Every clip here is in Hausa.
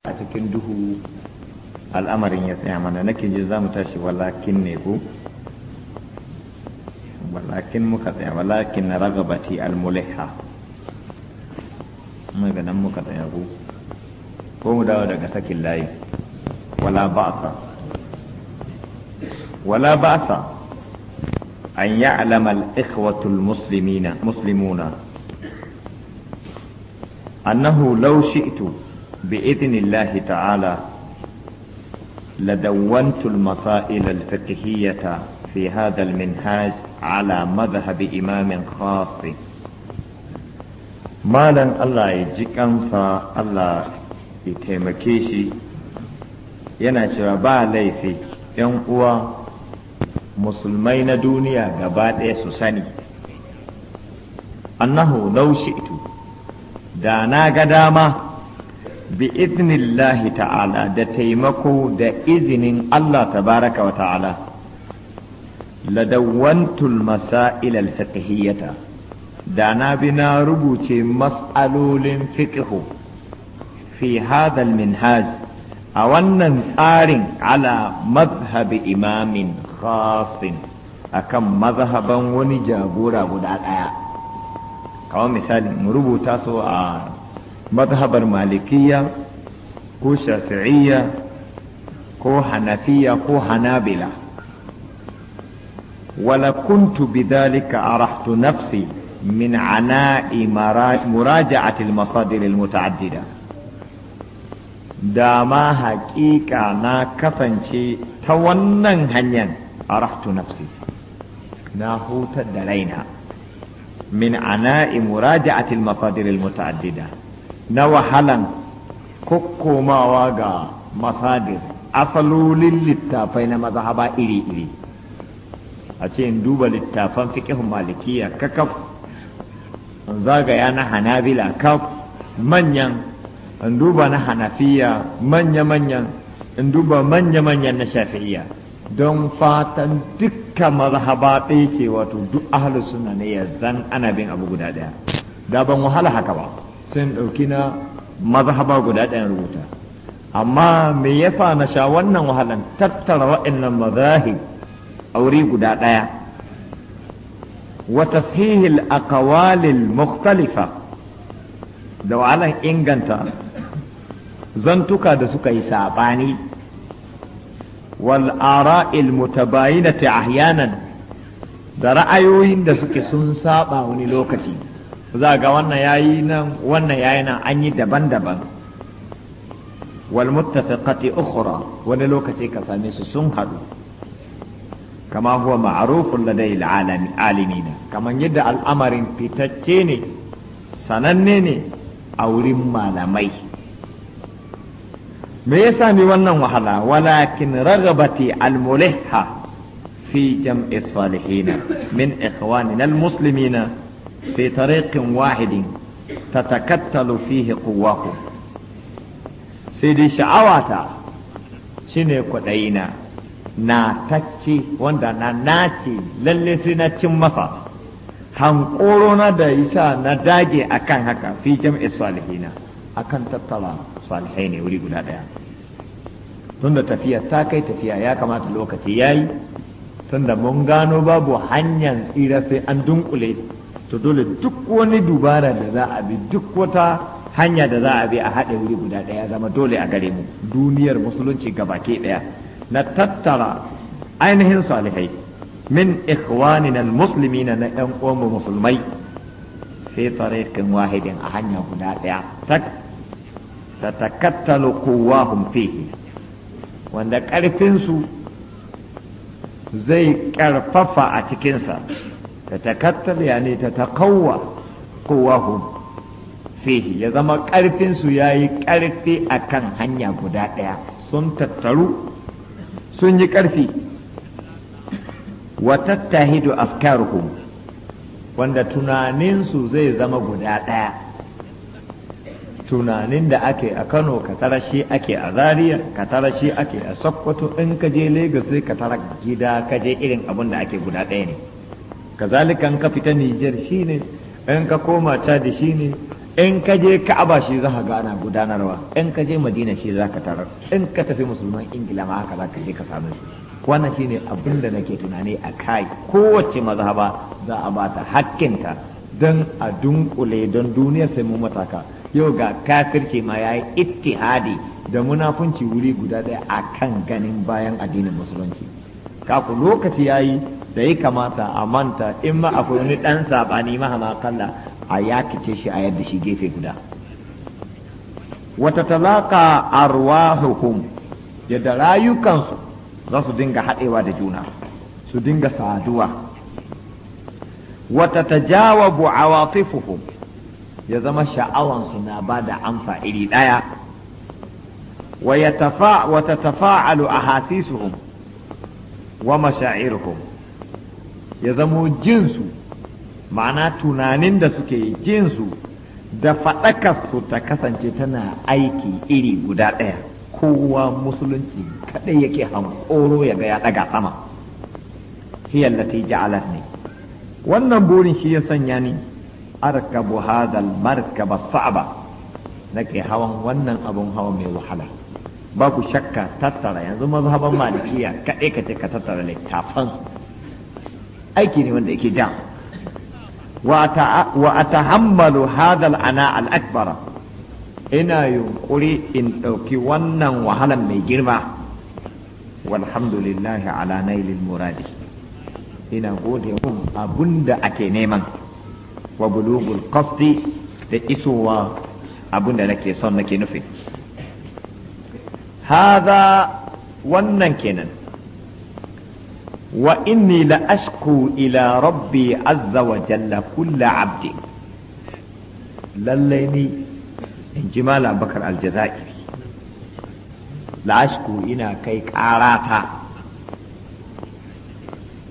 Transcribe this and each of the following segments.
a cikin duhu al'amarin ya tsaya mana nake jin za mu tashi walakin ne ko walakin muka tsaya walakin na ragabati almuliha muka ganin muka tsaya ko ko mu dawo daga sakin layi wala ba'sa wala ba'sa an ya'lama al-ikhwatu al-muslimina muslimuna annahu law shi'tu bi idanallah ta'ala ladauwantun mas'ailar fiqiyyata fi hadal manhaj calaamar da habibu imanin khasin. malam allah ya ji kansa allah ya taimake shi yana cewa ba laifi yan uwa musulmai na duniya gaba gabaɗaya su sani. annahu laushi da na ga dama. bi iznillahi ta'ala da taimako da izinin Allah tabaraka wa ta'ala ladawwantul masail al-fiqhiyyata da na bi na rubuce mas'alolin fiqhu fi hadha al a wannan tsarin ala mazhabi imamin khasin akan mazhaban wani jagora guda ɗaya kawai misali mu rubuta su a مذهب المالكية كو شافعية كو حنفية كو حنابلة ولكنت بذلك أرحت نفسي من عناء مراجعة المصادر المتعددة داما حقيقة نا كفنشي تونن هنيا أرحت نفسي ناهوت تدلينا من عناء مراجعة المصادر المتعددة na wahalan kokkomawa ga masadir asalolin littafai na mazhaba iri-iri a ce in duba littafan fiƙihun malikiya kakaf zagaya na hanabila kaf manyan in duba na hanafiya manya-manyan in duba manya-manyan na shafi'iya don fatan dukka mazhaba ɗaya ce wato duk ahalusu na ne ya zan ana bin abu guda ɗaya da ban wahala haka ba sun ɗauki na mazhaba guda ɗayan rubuta amma me fa na sha wannan wahalan tattara wa'annan mazahib aure guda ɗaya wa tashihil aqwalil mukhtalifa da wahalan inganta zantuka da suka yi sabani wal ara'il mutabayinati ahyanan da ra'ayoyin da suke sun saba wani lokaci za ga wannan yayi nan wannan yayi nan an yi daban-daban wal muttafiqati ukhra wani lokaci ka same su sun haɗu kama huwa ma'rufun ladai alami alimina kamar yadda al'amarin fitacce ne sananne ne a wurin malamai me ya sami wannan wahala walakin ragabati almulihha fi jam'i salihina min ikhwanina almuslimina في طريق واحد تتكتل فيه قواكم سيدي شعواتا شنو كدينا na tace wanda na nace lallai sai na cin masa hankoro na da yasa na dage akan haka fi jam'i salihina akan tattala salihai ne wuri guda ɗaya. tunda tafiya ta kai tafiya ya kamata lokaci yayi tunda mun gano babu hanyar tsira sai an dunƙule. to dole duk wani dubara da za a bi duk wata hanya da za a bi a haɗe wuri guda ɗaya zama dole a gare mu duniyar musulunci ke ɗaya na tattara ainihin salihai min na almuslimina na ƴan uwanmu musulmai fi tariqin wahidin a hanya guda ɗaya ta takattalo kowa fihi wanda ƙarfinsu zai ƙarfafa a cikinsa تتكتل يعني تتقوى قواهم فيه يا قرف سياي قرف أكن هنيا بدائع سن تترو سن يكارفي وتتهد أفكارهم wanda tunaninsu zai zama guda ɗaya tunanin da ake a kano ka tara shi ake a zaria ka tara shi ake a sokoto in ka je lagos sai ka tara gida ka je irin abin da ake guda ɗaya ne kazalika in ka fita Nijar shine in ka koma Chad shine in ka je Ka'aba shi za ka gana gudanarwa in ka je Madina shi za ka tarar in ka tafi musulman Ingila ma haka za ka je ka same su wannan shine abin da nake tunani a kai kowace mazhaba za a bata hakkinta don a dunkule don duniyar sai mu mataka yau ga kafirci ma yayi ittihadi da munafunci wuri guda daya akan ganin bayan addinin musulunci kaku lokaci yayi da ya kamata a manta in ma akwai wani dan sabani mahama kalla a yakice shi a yadda shi gefe guda wata talaka arwahuhum yadda rayukansu za su dinga haɗewa da juna su dinga saduwa wata tajawabu awatifuhum ya zama sha'awansu na ba da amsa iri ɗaya wata tafa'alu a hasisuhum wa masha'irhum ya zamo jinsu ma'ana tunanin da suke jinsu da su ta kasance tana aiki iri guda ɗaya kowa musulunci kaɗai yake hankoro ya ga ya ɗaga sama hiyar lati ja'alar ne wannan burin shi ya sanya ni arkabu hadal markaba sa'aba nake hawan wannan abun hawa mai wahala babu shakka tattara yanzu mazhaban malikiya kaɗai ka ce ka tattara littafan aiki ne wanda yake da wa atahammalu hadal ana al ina yunkuri in ɗauki wannan wahalan mai girma walhamdulillahi ala nailil muradi ina gode mun abunda ake neman wa bulugul qasdi da isowa abunda nake son nake nufi haza wannan kenan wa inni la ila rabbi azza wa jalla abdi lallai ni in ji malam bakar aljazairi la ashku ina kai karata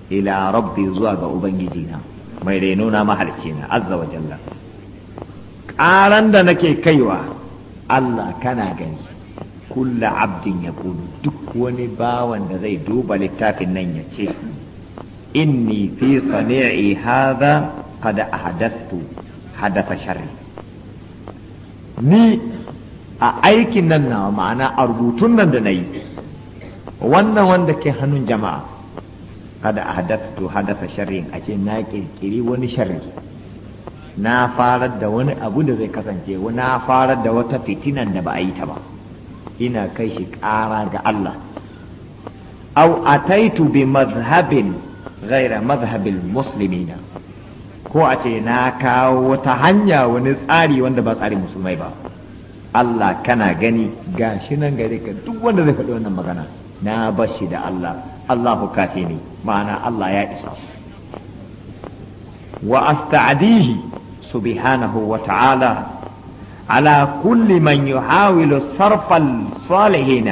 ila rabbi zuwa ga ubangiji na mai reno na mahalicci na azza da nake kaiwa Allah kana gani kulla abdin ya kudu duk wani bawan da zai duba littafin nan ya ce inni fi sani'i kada a hadastu hadafa sharri ni a aikin nan na ma'ana a rubutun nan da na yi. wannan wanda ke hannun jama'a Kada a hadastu hadafa sharrin a ce na kirkiri wani sharri na farar da wani abu da zai kasance na farar da wata fitinan da ba a yi ta ba ina kai shi ƙara ga Allah au taitu bi mazhabin ghaira mazhabil musulmina. ko a ce na kawo wata hanya wani tsari wanda ba tsarin musulmai ba Allah kana gani gashi nan gare ka duk wanda zai faɗi wannan magana na bashi da Allah Allahu kafi ne ma'ana Allah ya isa wa asta'dihi subhanahu wa ta'ala على كل من يحاول صرف الصالحين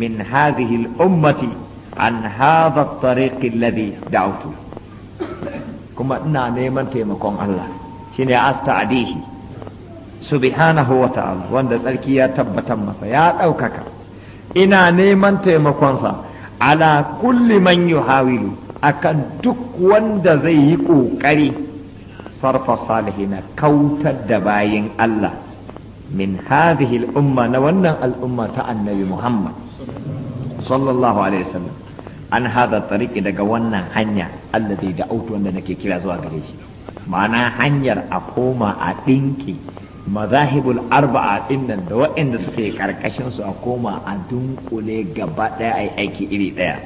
من هذه الأمة عن هذا الطريق الذي دعوته كما إنا نيمان تيمكم الله شيني أستعديه سبحانه وتعالى وند تركي يا تبتا مسيات أو ككا إنا نيمان تيمكم على كل من يحاول akan duk wanda zai yi ƙoƙari sarfa salihina kautar da bayin Allah min hadhihi al'umma na wannan al'umma ta annabi Muhammad sallallahu alaihi wasallam an hada tariki daga wannan hanya alladhi da wanda nake kira zuwa gare shi ma'ana hanyar a koma a dinki mazahibul arba'a dinnan da waɗanda suke ƙarƙashinsu a koma a dunƙule gaba ɗaya ai aiki iri ɗaya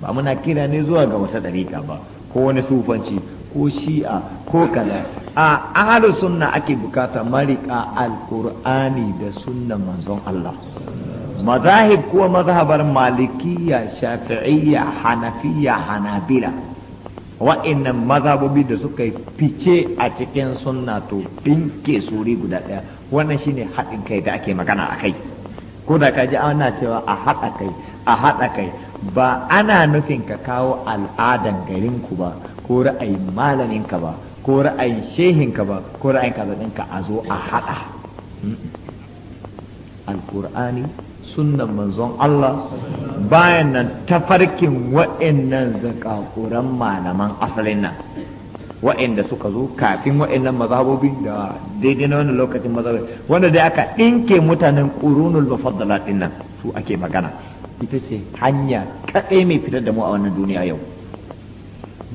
ba muna kira ne zuwa ga wata dariƙa ba ko wani sufanci ko shi'a ko kada a ahalu sunna ake bukata marika alkur'ani da sunna manzon Allah mazahib kuwa mazhabar malikiyya shafi'iyya hanafiya hanabila wa'annan mazhabobi da suka fice a cikin sunna to dinke suri guda ɗaya wannan shine haɗin kai da ake magana a kai ko da ka ji ana cewa a haɗa kai a haɗa kai ba ana nufin ka kawo al'adan garinku ba ko ra'ayin malaminka ba ko ra'ayin shehinka ba ko ra'ayin kaza a zo a haɗa alƙur'ani sunan manzon Allah bayan nan tafarkin wa'annan zakakuran malaman asalin nan wa'anda suka zo kafin wa'annan mazhabobi da daidai na wani lokacin mazhabobi wanda dai aka ɗinke mutanen ƙurunul mufaddala ɗin nan su ake magana ita ce hanya kaɗai mai fitar da mu a wannan duniya yau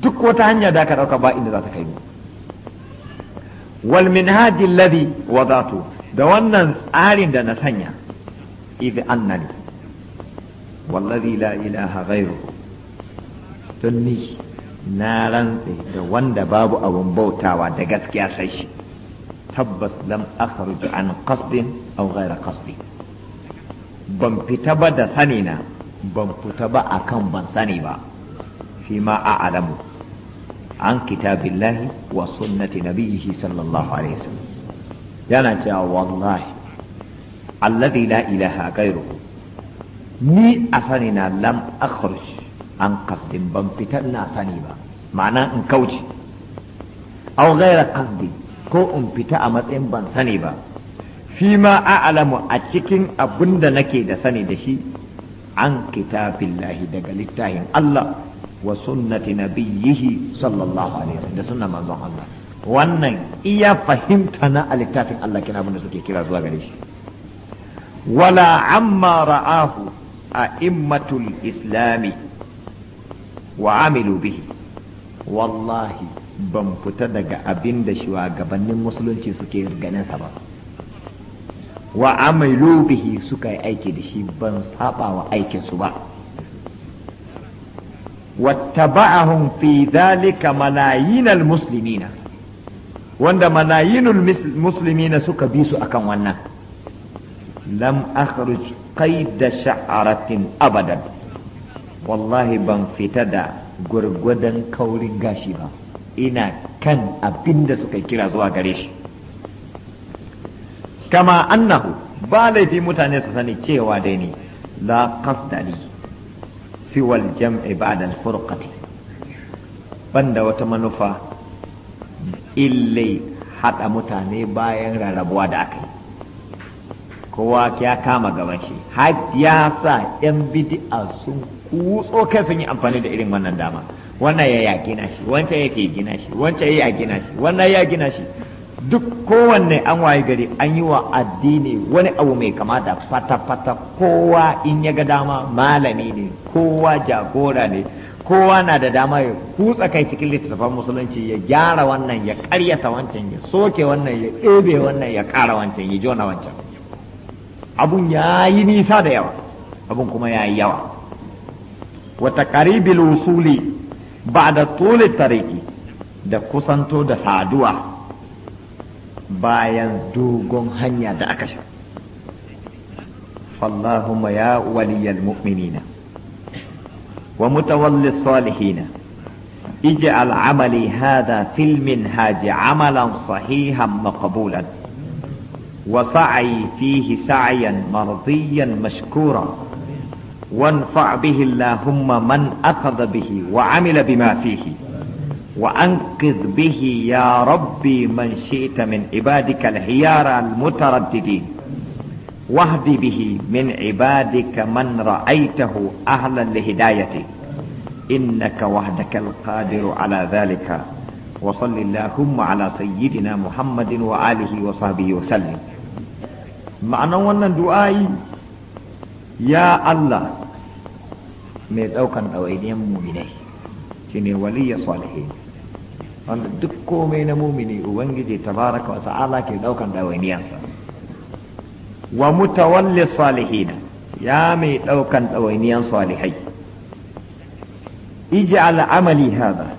duk wata hanya da ka ɗauka ba inda za ta kai mu wal minhaji alladhi wadatu da wannan tsarin da na sanya idh annani wallazi la ilaha ghairu Tun ni na rantse da wanda babu abun bautawa da gaskiya sai shi tabbas lam akhruj an qasdin aw ghaira qasdin ban fita ba da sani na ban fita ba akan ban sani ba فيما أعلم عن كتاب الله وسنة نبيه صلى الله عليه وسلم يانا والله الذي لا إله غيره ni a sanina lam akhruj an kasdin ban fitar na sani ba ma'ana in kauce aw ghaira kasdi ko in fita a matsayin ban sani ba fi ma a'lamu a cikin abin da nake da sani da shi an kitabillahi daga littafin Allah wa sunnati nabiyyihi sallallahu alaihi wasallam da sunnan manzon Allah wannan iya fahimta na alittafin Allah kina abin da suke kira zuwa gare shi wala amma ra'ahu a immatul islami wa amilu bihi wallahi ban fita daga abin da gabanin musulunci suke ganinsa ba wa amilu bihi suka yi aiki da shi ban saba wa aikinsu ba واتبعهم في ذلك ملايين المسلمين وند ملايين المسلمين سك بيس أكن ونا لم أخرج قيد شعرة أبدا والله بن فتدا غرغدا كوري غاشبا إنا كان أبند سك كرا زوا غريش كما أنه بالي في متانة سنة چه واديني لا قصد لي siwal jam'i ba'da al-furqati banda wata manufa illai hada mutane bayan rarrabuwa da aka yi kowa ya kama gaban shi har ya sa yan bid'a sun kutso kai sun yi amfani da irin wannan dama wannan ya gina shi wancan yake gina shi wancan ya gina shi wannan ya gina shi duk kowanne an waye gari an yi wa addini wani abu mai kamata fata-fata kowa in ya ga dama malami ne kowa jagora ne kowa na da dama ya kutsa kai cikin littattafan musulunci ya gyara wannan ya karyata wancan ya soke wannan ya ɗebe wannan ya ƙara wancan ya jona wancan abun ya yi nisa da yawa abun kuma ya yi yawa wata karibil wusuli ba da tole tariki da kusanto da saduwa bayan dogon hanya da aka sha fallahumma ya waliyal mu'minina wa mutawallis salihina اجعل عملي هذا في المنهاج عملا صحيحا مقبولا وسعي فيه سعيا مرضيا مشكورا وانفع به اللهم من اخذ به وعمل بما فيه وأنقذ به يا ربي من شئت من عبادك الحيار المترددين واهد به من عبادك من رأيته أهلا لهدايتي إنك وحدك القادر على ذلك وصل اللهم على سيدنا محمد وآله وصحبه وسلم معنى وانا دعائي يا الله ميت أوكا أو أيديا مؤمنين شنو ولي صالحين wanda duk komai na mumini ubangiji tabaraka wa ta'ala ke daukan dawainiyarsa wa mutawalli salihina ya mai daukan dawainiyan salihai iji amali hada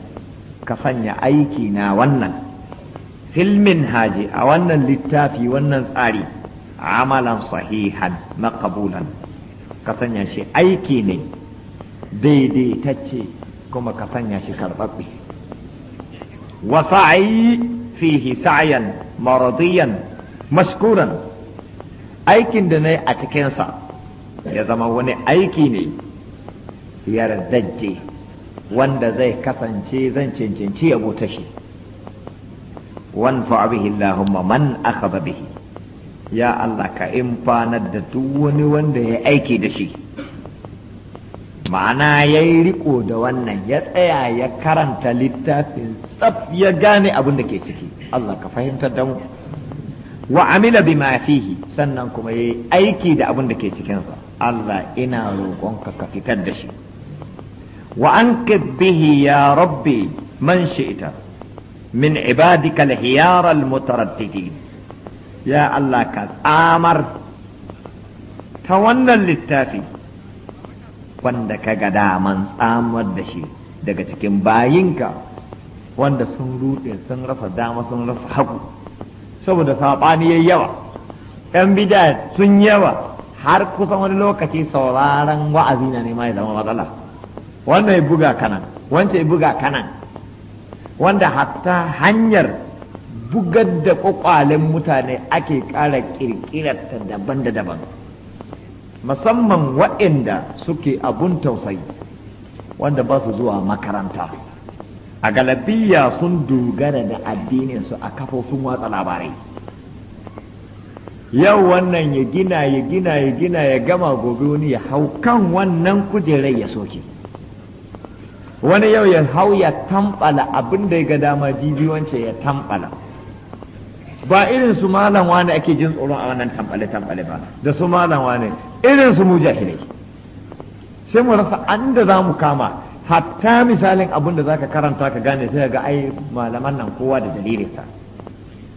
ka sanya aiki na wannan filmin haji a wannan littafi wannan tsari amalan sahihan maqbulan ka sanya shi aiki ne daidaitacce kuma ka sanya shi karɓaɓɓe وسعي فيه سعيا مرضيا مشكورا aikin da na yi a cikinsa ya zama wani aiki ne yardajje wanda zai kasance zan cancanci yabo ta shi wanfa bihi Allahumma man akhadha bihi ya Allah ka imfanar da duk wani wanda ya aiki da shi ma'ana ya yi riko da wannan ya tsaya ya karanta littafin tsaf ya gane abin da ke ciki Allah ka fahimtar da mu wa amila bima fihi sannan kuma ya yi aiki da abin da ke cikinsa Allah ina roƙonka ka fitar da shi wa an bihi ya rabbi man shi'ita min ibadika al-hiyar ya Allah ka tsamar ta wannan littafi wanda ka ga daman tsamar da shi daga cikin bayinka wanda sun rufe, sun rasa dama sun rasa hagu saboda saɓani ya yawa ‘yan bida sun yawa har kusa wani lokaci sauraron wa'azi na nema ya zama matsala wannan ya buga kanan wancan ya buga kanan wanda hatta hanyar bugar da kwakwalen mutane ake ƙara ƙirƙirarta daban da daban. musamman waɗanda suke abun tausayi wanda ba su zuwa makaranta a galabiya sun dogara da addinin su a kafofin watsa labarai yau wannan ya gina ya gina ya gina ya gama gobe wani ya hau kan wannan kujerai ya soke wani yau ya hau ya tambala abin da ya ga dama jibi ya tambala ba irin su malam wani ake jin tsoron a wannan tambale tambale ba da su malam wani irin su mujahilai sai mu rasa an da za mu kama hatta misalin abin da zaka karanta ka gane sai ga ai malaman nan kowa da dalilinsa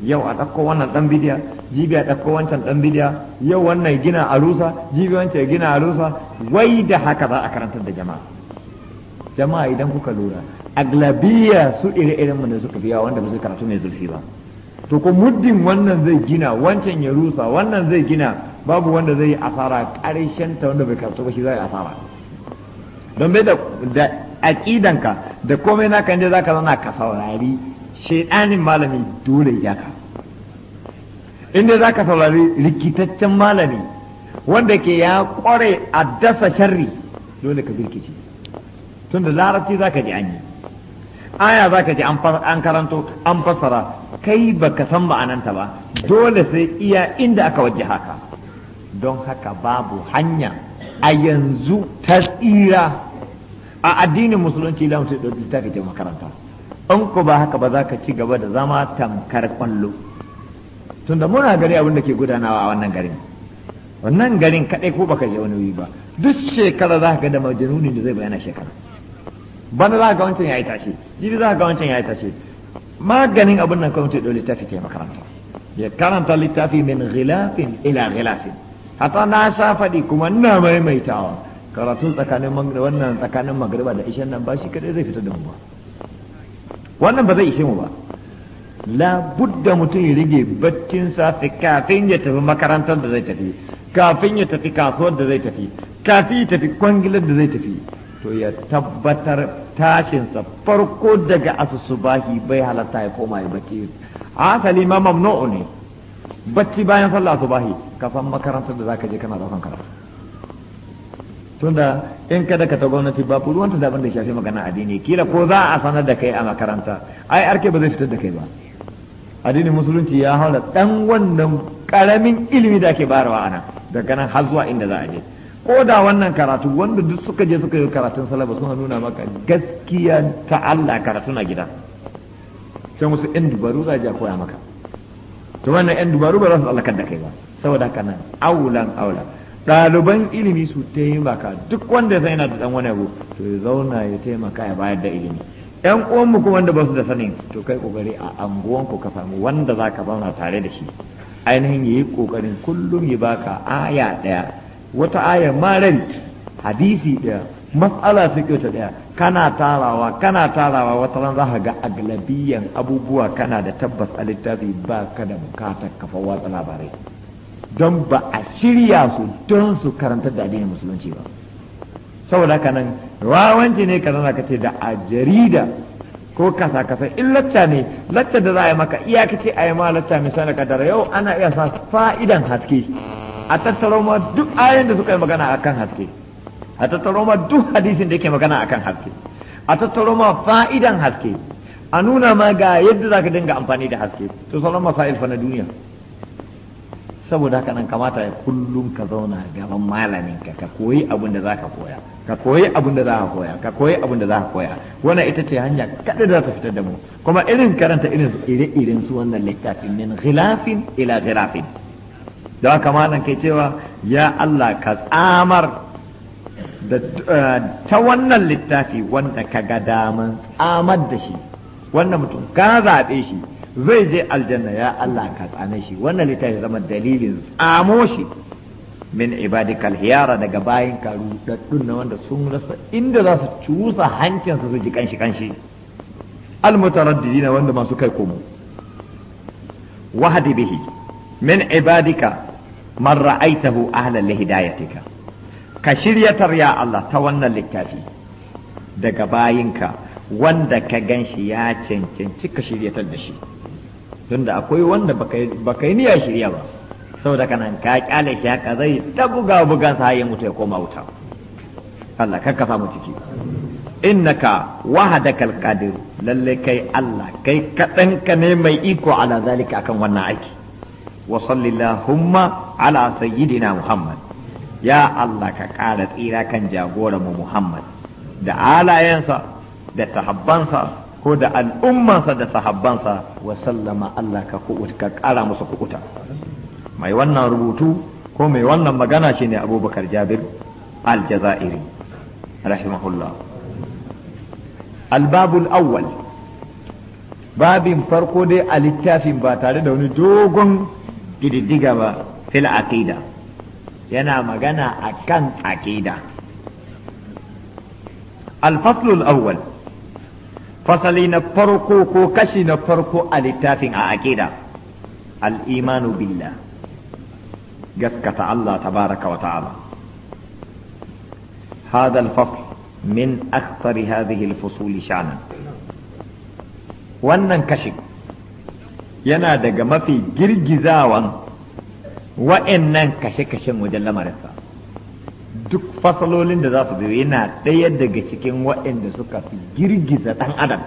yau a ɗauko wannan ɗan bidiya jibi a ɗauko wancan ɗan bidiya yau wannan gina a rusa jibi wancan gina a rusa wai da haka za a karantar da jama'a jama'a idan kuka lura aglabiya su ire-iren mu ne suka biya wanda ba su karatu mai zurfi ba to ko muddin wannan zai gina wancan ya rusa wannan zai gina babu wanda zai yi asara ƙarshen ta wanda bai karatu ba shi zai asara don bai da aƙidanka da komai naka inda zaka za ka saurari shaidanin malami dole ya ka inda zaka saurari rikitaccen malami wanda ke ya kware a dasa sharri dole ka birkice tun da larabci zaka ji an yi aya zaka ji an karanto an fassara kai baka san ma'ananta ba dole sai iya inda aka waje haka don haka babu hanya a yanzu ta tsira a addinin musulunci ila mutum ɗauki ta ta makaranta in ku ba haka ba za ka ci gaba da zama tamkar kwallo tunda muna gari abin da ke gudanawa a wannan garin wannan garin kaɗai ko baka je wani wuri ba duk shekara za ka ga da majanuni da zai bayana shekara bana za ka ga wancan ya yi tashe jibi za ka ga wancan ya yi tashe maganin abin nan kawai ɗau littafi ta makaranta ya karanta littafi min ghilafin ila ghilafin hata na sa faɗi kuma na maimaitawa karatu tsakanin wannan tsakanin magriba da ishen nan ba shi kadai zai fita da mu ba wannan ba zai ishe mu ba la budda mutum ya rige baccin safe kafin ya tafi makarantar da zai tafi kafin ya tafi kasuwar da zai tafi kafin ya tafi kwangilar da zai tafi to ya tabbatar tashinsa farko daga bahi bai halatta ya koma ya bacci asali ma mamnu'u ne bacci bayan sallah su ka san makarantar da zaka je kana daukan karatu tunda in kada ka ta gwamnati ba ku ruwanta zaben da shafi magana addini kila ko za a sanar da kai a makaranta ai arke ba zai fitar da kai ba addinin musulunci ya hau da ɗan wannan karamin ilimi da ake bayarwa ana daga nan har zuwa inda za a je ko da wannan karatu wanda duk suka je suka yi karatun salaba sun nuna maka gaskiya ta Allah karatu na gida sai musu yan dubaru za a koya maka to wannan yan dubaru ba za su tsallakar da kai ba saboda haka nan aulan aula ɗaliban ilimi su taimaka duk wanda ya san yana da ɗan wani abu to ya zauna ya taimaka ya bayar da ilimi yan uwanmu kuma wanda ba su da sanin to kai kokari a ku ka samu wanda za ka zauna tare da shi ainihin yayi yi kokarin kullum ya baka aya ɗaya wata aya ma hadisi ɗaya matsala fiƙe ta daya, kana tarawa kana tarawa wata ran za ka ga aglabiyan abubuwa kana da tabbas a littafi ba ka da bukatar kafa watsa labarai don ba a shirya su don su karanta da addinin musulunci ba saboda haka nan rawanci ne ka zana ka ce da a jarida ko kasa kasa in lacca ne lacca da za a yi maka iya kace a yi ma lacca misali ka dara yau ana iya sa fa'idan haske a tattaro ma duk ayoyin da suka yi magana a kan haske a tattaro ma duk hadisin da yake magana a kan haske a tattaro ma fa'idan haske a nuna ma ga yadda za ka dinga amfani da haske to sauran masail fa na duniya saboda haka nan kamata ya kullum ka zauna gaban malamin ka koyi abin da za ka koya ka koyi abin da za ka koya ka koyi abin da za ka koya wannan ita ce hanya kaɗai da ta fitar da mu kuma irin karanta irin ire-iren su wannan littafin min ghilafin ila ghilafin don haka kai cewa ya Allah ka tsamar eh, ta wannan littafi wanda ka ga daman tsamar da shi wannan mutum ka zaɓe shi zai je aljanna ya Allah ka tsame shi wannan littafi zama dalilin tsamo shi min ibadikal hiyara daga bayan karu da na wanda sun rasa inda za su cusa hancinsa su ji kanshi kanshi almutaraddidina wanda masu kai komo wahadi bihi min ibadika man ra'aitahu ahlan li hidayatika ka shiryatar ya Allah ta wannan littafi daga bayinka wanda ka ganshi ya cancanci ka shiryatar da shi tunda akwai wanda baka yi niyya shirya ba saboda kana ka kyale shi haka zai ta buga buga sa ya mutu ya koma wuta Allah kar ka samu ciki innaka wahadakal qadir lalle kai Allah kai kadan ka ne mai iko ala zalika akan wannan aiki وصل اللهم على سيدنا محمد يا الله كقال تيرا كان جاغورا محمد da alayensa da sahabbansa ko da al'ummansa da sahabbansa wa sallama Allah ka ka ƙara musu kuɓuta mai wannan rubutu ko mai wannan magana shine abubakar jabir al-jazairi rahimahullah albabul awwal babin farko dai a littafin ba tare da wani dogon diddiga ba fil aqida yana magana akan aqida al fasl al-awwal fasali na farko ko kashi na farko a littafin a aqida al-imanu billah gaskata Allah tabaraka wa ta'ala هذا الفصل من أخطر هذه الفصول شأنا وأن كشف yana daga mafi girgizawan wa'annan kashe-kashen wajen lamarinsa duk fasalolin da za su zai yana ɗaya daga cikin wa'anda suka fi girgiza ɗan adam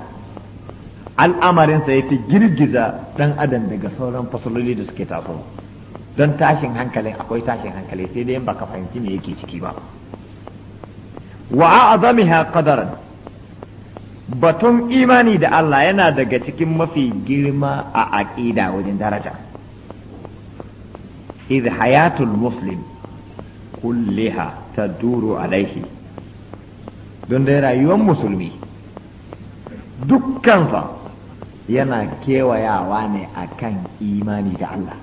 al'amarinsa ya fi girgiza ɗan adam daga sauran fasaloli da suke taso don tashin hankalin akwai tashin hankali sai dai baka fahimci me yake ciki ba Wa'a wa a'azamiha qadaran batun imani da Allah yana daga cikin mafi girma a aƙida wajen daraja idh hayatul muslim kulliha ta taduru alaihi don dai rayuwar musulmi dukkansa yana kewayawa ne akan imani da Allah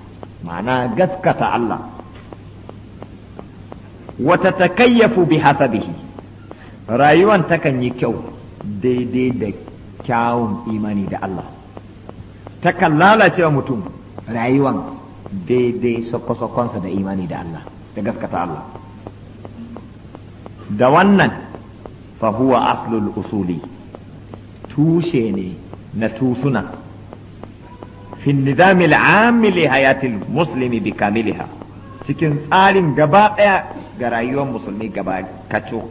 ma'ana gaskata Allah wata takayyafu bi hasabihi rayuwan takan yi kyau daidai da kyawun imani da Allah takan lalacewa mutum rayuwan daidai sokosokonsa da imani da Allah da gaskata Allah da wannan fahuwa aslul usuli tushe ne na tusuna fi nizami amili hayatil muslimi bi kamiliha cikin tsarin gaba ɗaya ga rayuwar musulmi gaba kaco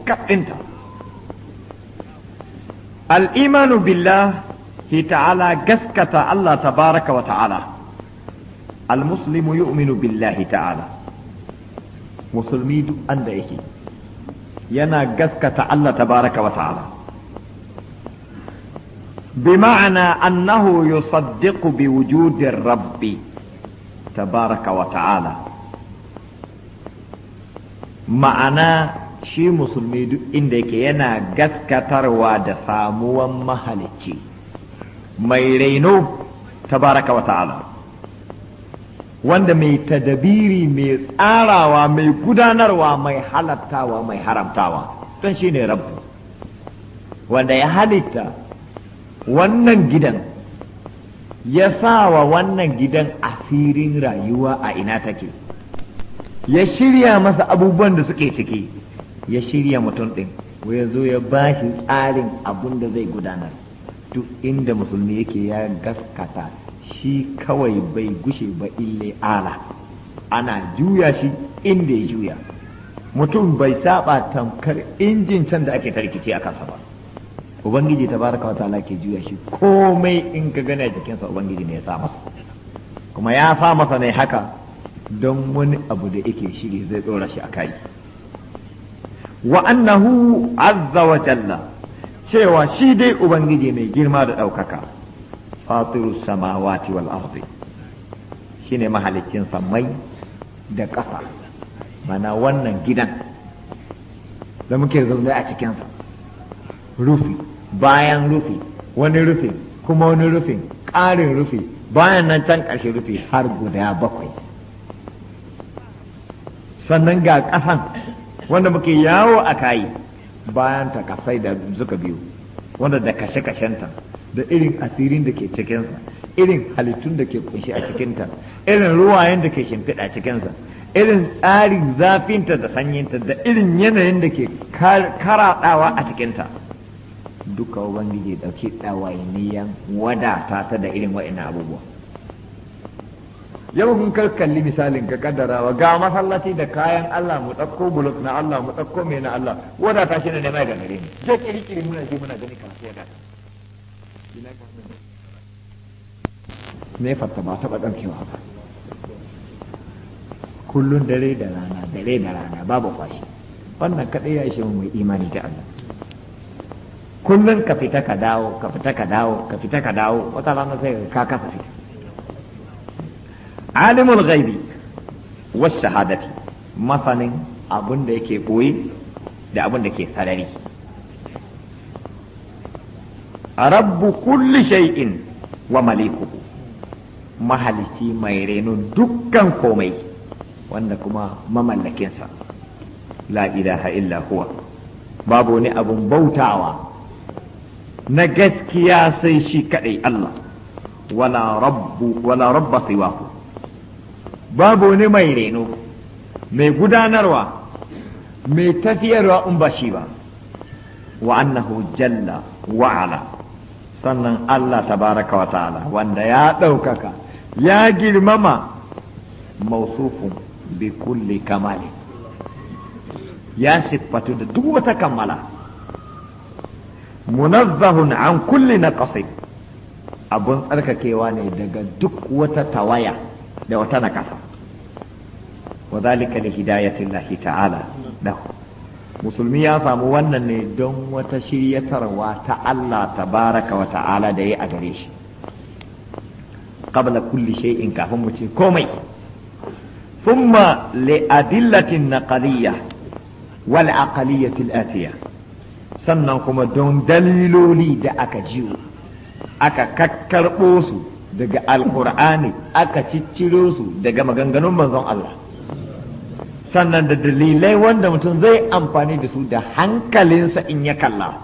الإيمان بالله هي تعالى قسكة الله تبارك وتعالى المسلم يؤمن بالله تعالى مسلميد عندئه ينا قسكة الله تبارك وتعالى بمعنى أنه يصدق بوجود الرب تبارك وتعالى معناه shi musulmi duk inda yake yana gaskatarwa da samuwan mahalicci mai raino tabaraka wa ta'ala wanda mai tadabiri mai tsarawa mai gudanarwa mai halattawa mai haramtawa don shi ne rabu wanda ya halitta wannan gidan ya sa wa wannan gidan asirin rayuwa a ina take ya shirya masa abubuwan da suke ciki ya shirya mutum ɗin ya zo ya ba shi tsarin abin da zai gudanar duk inda musulmi yake ya gaskata shi kawai bai gushe ba ille ala ana juya shi inda ya juya mutum bai saba tamkar injin can da ake tarkice a kansa ba ubangiji ta baraka wa ta'ala ke juya shi komai in ka gane jikinsa ubangiji ne ya sa masa kuma ya sa masa ne haka don wani abu da yake shiri zai tsora shi a kai wa annahu azza wa jalla cewa shi dai ubangiji mai girma da ɗaukaka fatirus samawati wal ardi shine mahalicin sammai da ƙasa mana wannan gidan da muke zaune a cikinsa rufi bayan rufi wani rufi kuma wani rufin ƙarin rufi bayan nan can ƙarshe rufi har guda bakwai sannan ga ƙasan wanda muke yawo a kayi bayan ta kasai da suka biyu wanda da kashe-kashenta da irin asirin da ke cikinsa irin halittun da ke kunshi a cikinta irin ruwayen da ke shimfiɗa cikinsa irin tsarin zafinta da sanyinta da irin yanayin da ke karaɗawa a cikinta duka ubangiji ɗauki ɗawainiyan wadata ta da irin wa'ina abubuwa yau mun kar kalli misalin ka kaddarawa ga masallaci da kayan Allah mu ɗauko buluk na Allah mu ɗauko mai na Allah wanda ta shi ne mai ga gare ni je kirkiri muna ji muna gani kamar sai ga ne fatta ba ta taɓa kewa ba kullun dare da rana dare da rana babu kwashi wannan kaɗai ya ishe mu imani da Allah kullun ka fita ka dawo ka fita ka dawo ka fita ka dawo wata rana sai ka kasa fita alimul ghaibi was shahadati masanin abin da yake boye da abin da ke sarari rabbu kulli shay'in wa malikuhu mai reno dukkan komai wanda kuma mamallakinsa la ilaha illa huwa babu wani abun bautawa na gaskiya sai shi kadai Allah wala rabbu wala rabba siwahu babu wani mai reno mai gudanarwa mai tafiyarwa in ba shi ba wa annahu jalla wa ala sannan Allah tabaraka wa ta'ala wanda ya ɗaukaka ya girmama mausufun bi kulli kamali ya siffatu da duk wata kammala munazzahun an kulli naqasi abun tsarkakewa ne daga duk wata tawaya da wata nakasa wa zalika li hidayatillahi ta'ala da musulmi ya samu wannan ne don wata shiryatarwa ta Allah tabaraka wa ta'ala da ya a gare shi qabla kulli shay'in kafin mu ci komai thumma li adillatin naqliyah wal aqliyatil atiyah sannan kuma don daliloli da aka jiwo aka kakkarɓo su daga alkur'ani aka cicciro su daga maganganun manzon Allah sannan da dalilai wanda mutum zai amfani da su da hankalinsa in ya kalla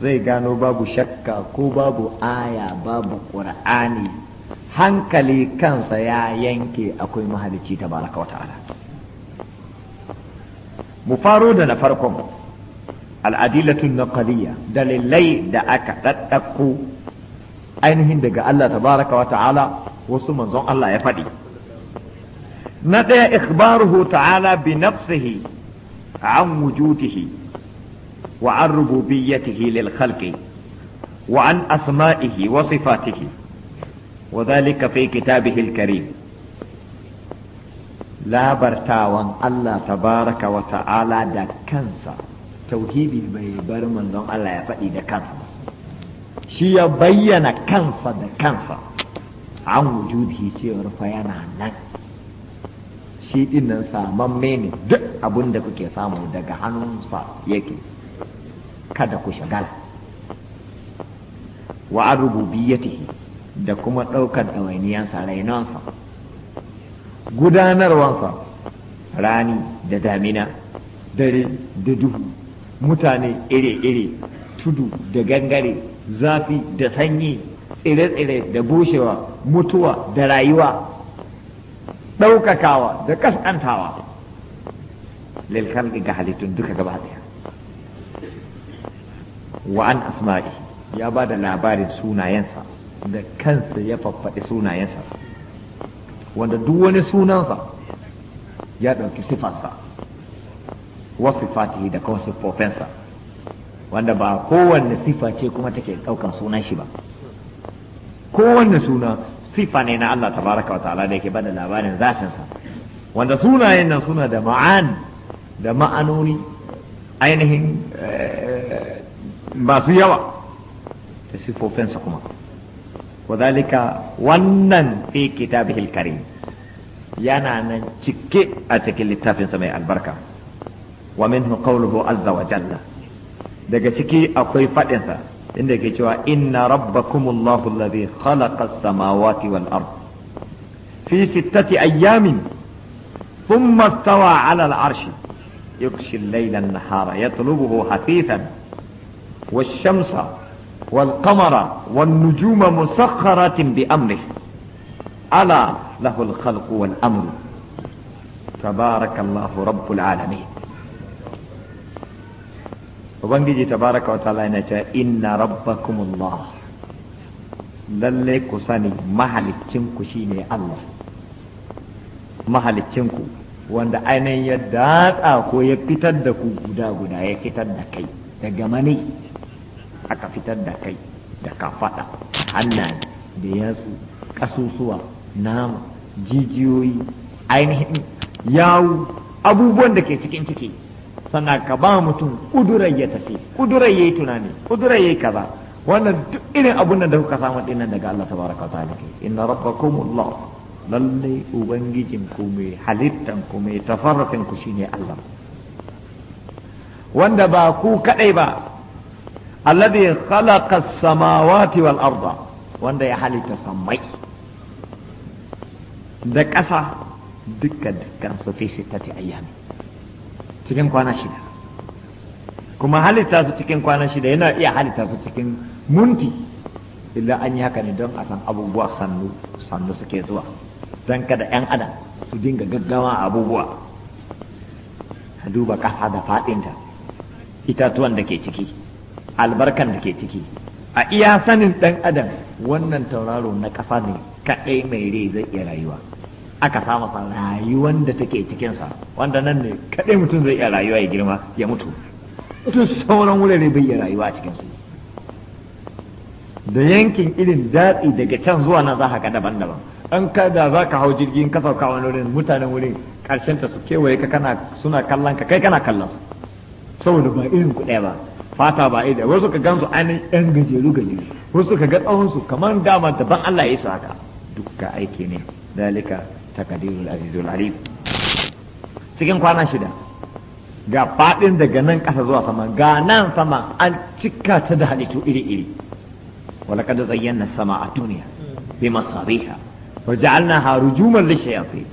zai gano babu shakka ko babu aya babu ƙur'ani hankali kansa ya yanke akwai mahalicci ta baraka wa ta'ala mu faro da na farkon al'adilatun naqaliya dalilai da aka ɗaɗɗako ainihin daga Allah tabaraka wa ta'ala wasu manzon Allah ya faɗi na ɗaya ikhbaruhu ta'ala bi nafsihi an wujudihi wa an rububiyyatihi lil khalqi wa an asma'ihi wa sifatihi wa dhalika fi kitabihi al-karim labartawan Allah tabaraka wa ta'ala da kansa tauhidi bai bar manzon Allah ya faɗi da kansa shi ya bayyana kansa da kansa an wujudi cewar fa yana nan shi dinnan saman ne duk abin da kuke samu daga hannunsa yake kada ku shagala wa an tafi da kuma ɗaukar ɗawainiyansa rainonsa gudanarwansa rani da damina dare da duhu mutane iri-iri tudu da gangare zafi da sanyi tsire-tsire da bushewa mutuwa da rayuwa ɗaukakawa da ƙasƙantawa lalkarɗi ga halittun duka gaba ɗaya wa'an asma'i ya ba da labarin sunayensa da kansa ya faffaɗi sunayensa wanda duk wani sunansa ya ɗauki sifarsa wasu fatihi da kuma siffofensa wanda ba kowanne sifa ce kuma take ɗaukan sunan shi ba kowanne suna sifa ne na Allah tabaraka wa ta'ala da yake bada labarin sa wanda sunayen nan suna da ma'an da ma'anoni ainihin eh, masu yawa da sifofinsa kuma wadalika wannan fi kitabihil karim yana nan cike a cikin littafinsa mai albarka wa minhu qawluhu azza wa jalla daga ciki akwai faɗinsa inda ke cewa inna rabbakumullahu allazi khalaqa as-samawati wal ard fi sittati ayyamin thumma istawa 'ala al-'arshi arsh al يغشي الليل النهار يطلبه حثيثا والشمس والقمر والنجوم مسخرات بأمره ألا له الخلق والأمر تبارك الله رب العالمين ubangiji tabaraka wa ta'ala yana cewa inna rabbakumullah lalle ku sani mahalicin ku shine Allah mahalicin ku wanda ainihin ya datsa ko ya fitar da ku guda guda ya fitar da kai daga mani aka fitar da kai da kafaɗa Allah da yatsu kasusuwa, nama jijiyoyi ainihin yawu abubuwan da ke cikin ciki sana ka ba mutum kudurar ya tafi kudurar ya yi tunani kudurar ya yi kaza wannan duk irin abun da kuka samu dinnan daga Allah tabaraka wa ta'ala inna rabbakumullah lalle ubangijin ku mai halittan ku mai tafarrafin ku shine Allah wanda ba ku kadai ba alladhi khalaqa as-samawati wal arda wanda ya halitta samai da ƙasa dukkan dukkan su fi shittati ayyami cikin kwana shida kuma halitta su cikin kwana shida yana iya halitta su cikin munti illa an yi haka ne don a san abubuwa sannu sannu suke zuwa don kada 'yan adam su dinga gaggawa abubuwa a duba kasa da faɗinta itatuwan da ke ciki albarkan da ke ciki a iya sanin ɗan adam wannan tauraro na ƙasa ne kaɗai mai rai zai iya rayuwa aka samu san rayuwar da take cikinsa wanda nan ne kaɗai mutum zai iya rayuwa ya girma ya mutu mutum sauran wurare bai iya rayuwa a cikinsu da yankin irin daɗi daga can zuwa nan za ka daban-daban an kada za ka hau jirgin ka sauka wani wurin mutanen wurin ƙarshen ta su kewaye ka kana suna kallon ka kai kana kallon saboda ba irin kuɗe ba fata ba ida wasu ka gansu ainihin yan gajeru gajeru wasu ka ga tsawon su kamar dama daban Allah ya yi su haka dukka aiki ne dalika takadirul azizul alim cikin kwana shida ga fadin daga nan ƙasa zuwa sama ga nan sama an cika ta da halittu iri-iri ولقد زينا السماء الدنيا بمصابيح وجعلناها rujuman للشياطين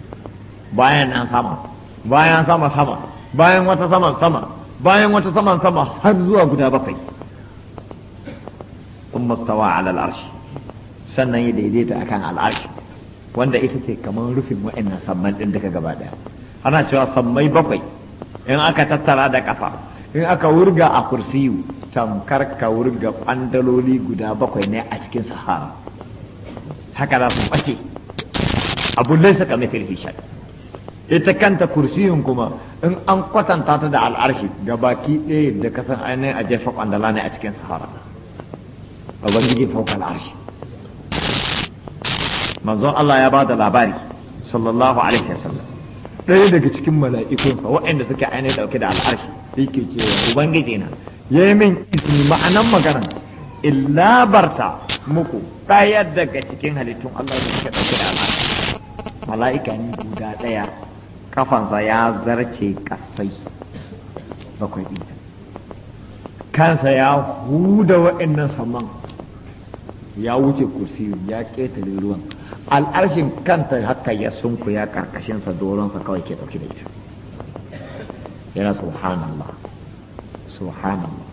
bayan an sama bayan sama sama bayan wata sama sama bayan wata sama sama har zuwa guda bakwai sun mastawa ala al'arshi sannan ya daidaita akan al'arshi wanda ita ce kamar rufin wa'annan samman ɗin duka gaba ɗaya ana cewa sammai bakwai in aka tattara da kafa in aka wurga a kursiyu tamkar ka wurga ɓandaloli guda bakwai ne a cikin sahara haka za su ɓace abun laisa kamar filhi shak ita kanta kursiyun kuma in an kwatanta ta da al'arshi gabaki ɗaya da kasan ainihin a jefa kwandala ne a cikin sahara ubangiji fauka al'arshi manzon Allah ya bada labari sallallahu alaihi wasallam ɗaya daga cikin mala'ikun fa waɗanda suke ainihin dauke da al'arshi yake cewa ubangiji na yayi min ismi ma'anan magana illa barta muku ɗaya daga cikin halittun Allah da suke dauke da al'arshi mala'ika ne guda ɗaya kafansa ya zarce kasai bakwai ɗin kansa ya huda waɗannan saman ya wuce kursiyu ya ƙetare ruwan al'arshin kanta haka ya sunku ya karkashinsa doronsa kawai ke ɗauki da ita yana subhanallah subhanallah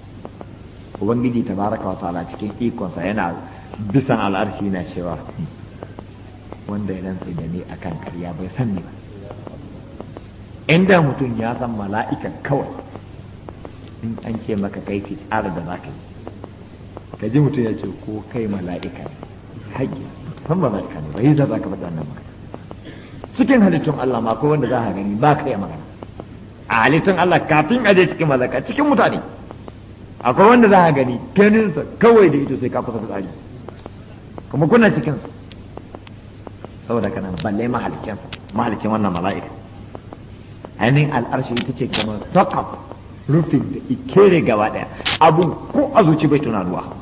ubangiji tabaraka wa ta'ala cikin ikonsa yana bisan al'arshi na cewa wanda ya rantsa da ni akan karya bai san ni ba inda mutum ya san mala'ika kawai in an ce maka kai fi tsara da zaka yi ka ji mutum ya ce ko kai mala'ika ne san ba za ka ne ba yi za ka faɗi wannan magana cikin halittun Allah ma ko wanda za ka gani ba ka yi magana a halittun Allah kafin a je cikin mazaka cikin mutane akwai wanda za ka gani ganinsa kawai da ita sai ka kusa fitsari kuma kuna cikin saboda kana balle mahalicin mahalicin wannan mala'ika ainihin al'arshi ita ce kamar takaf rufin da ikere gaba daya abu ko a zuci bai tunanuwa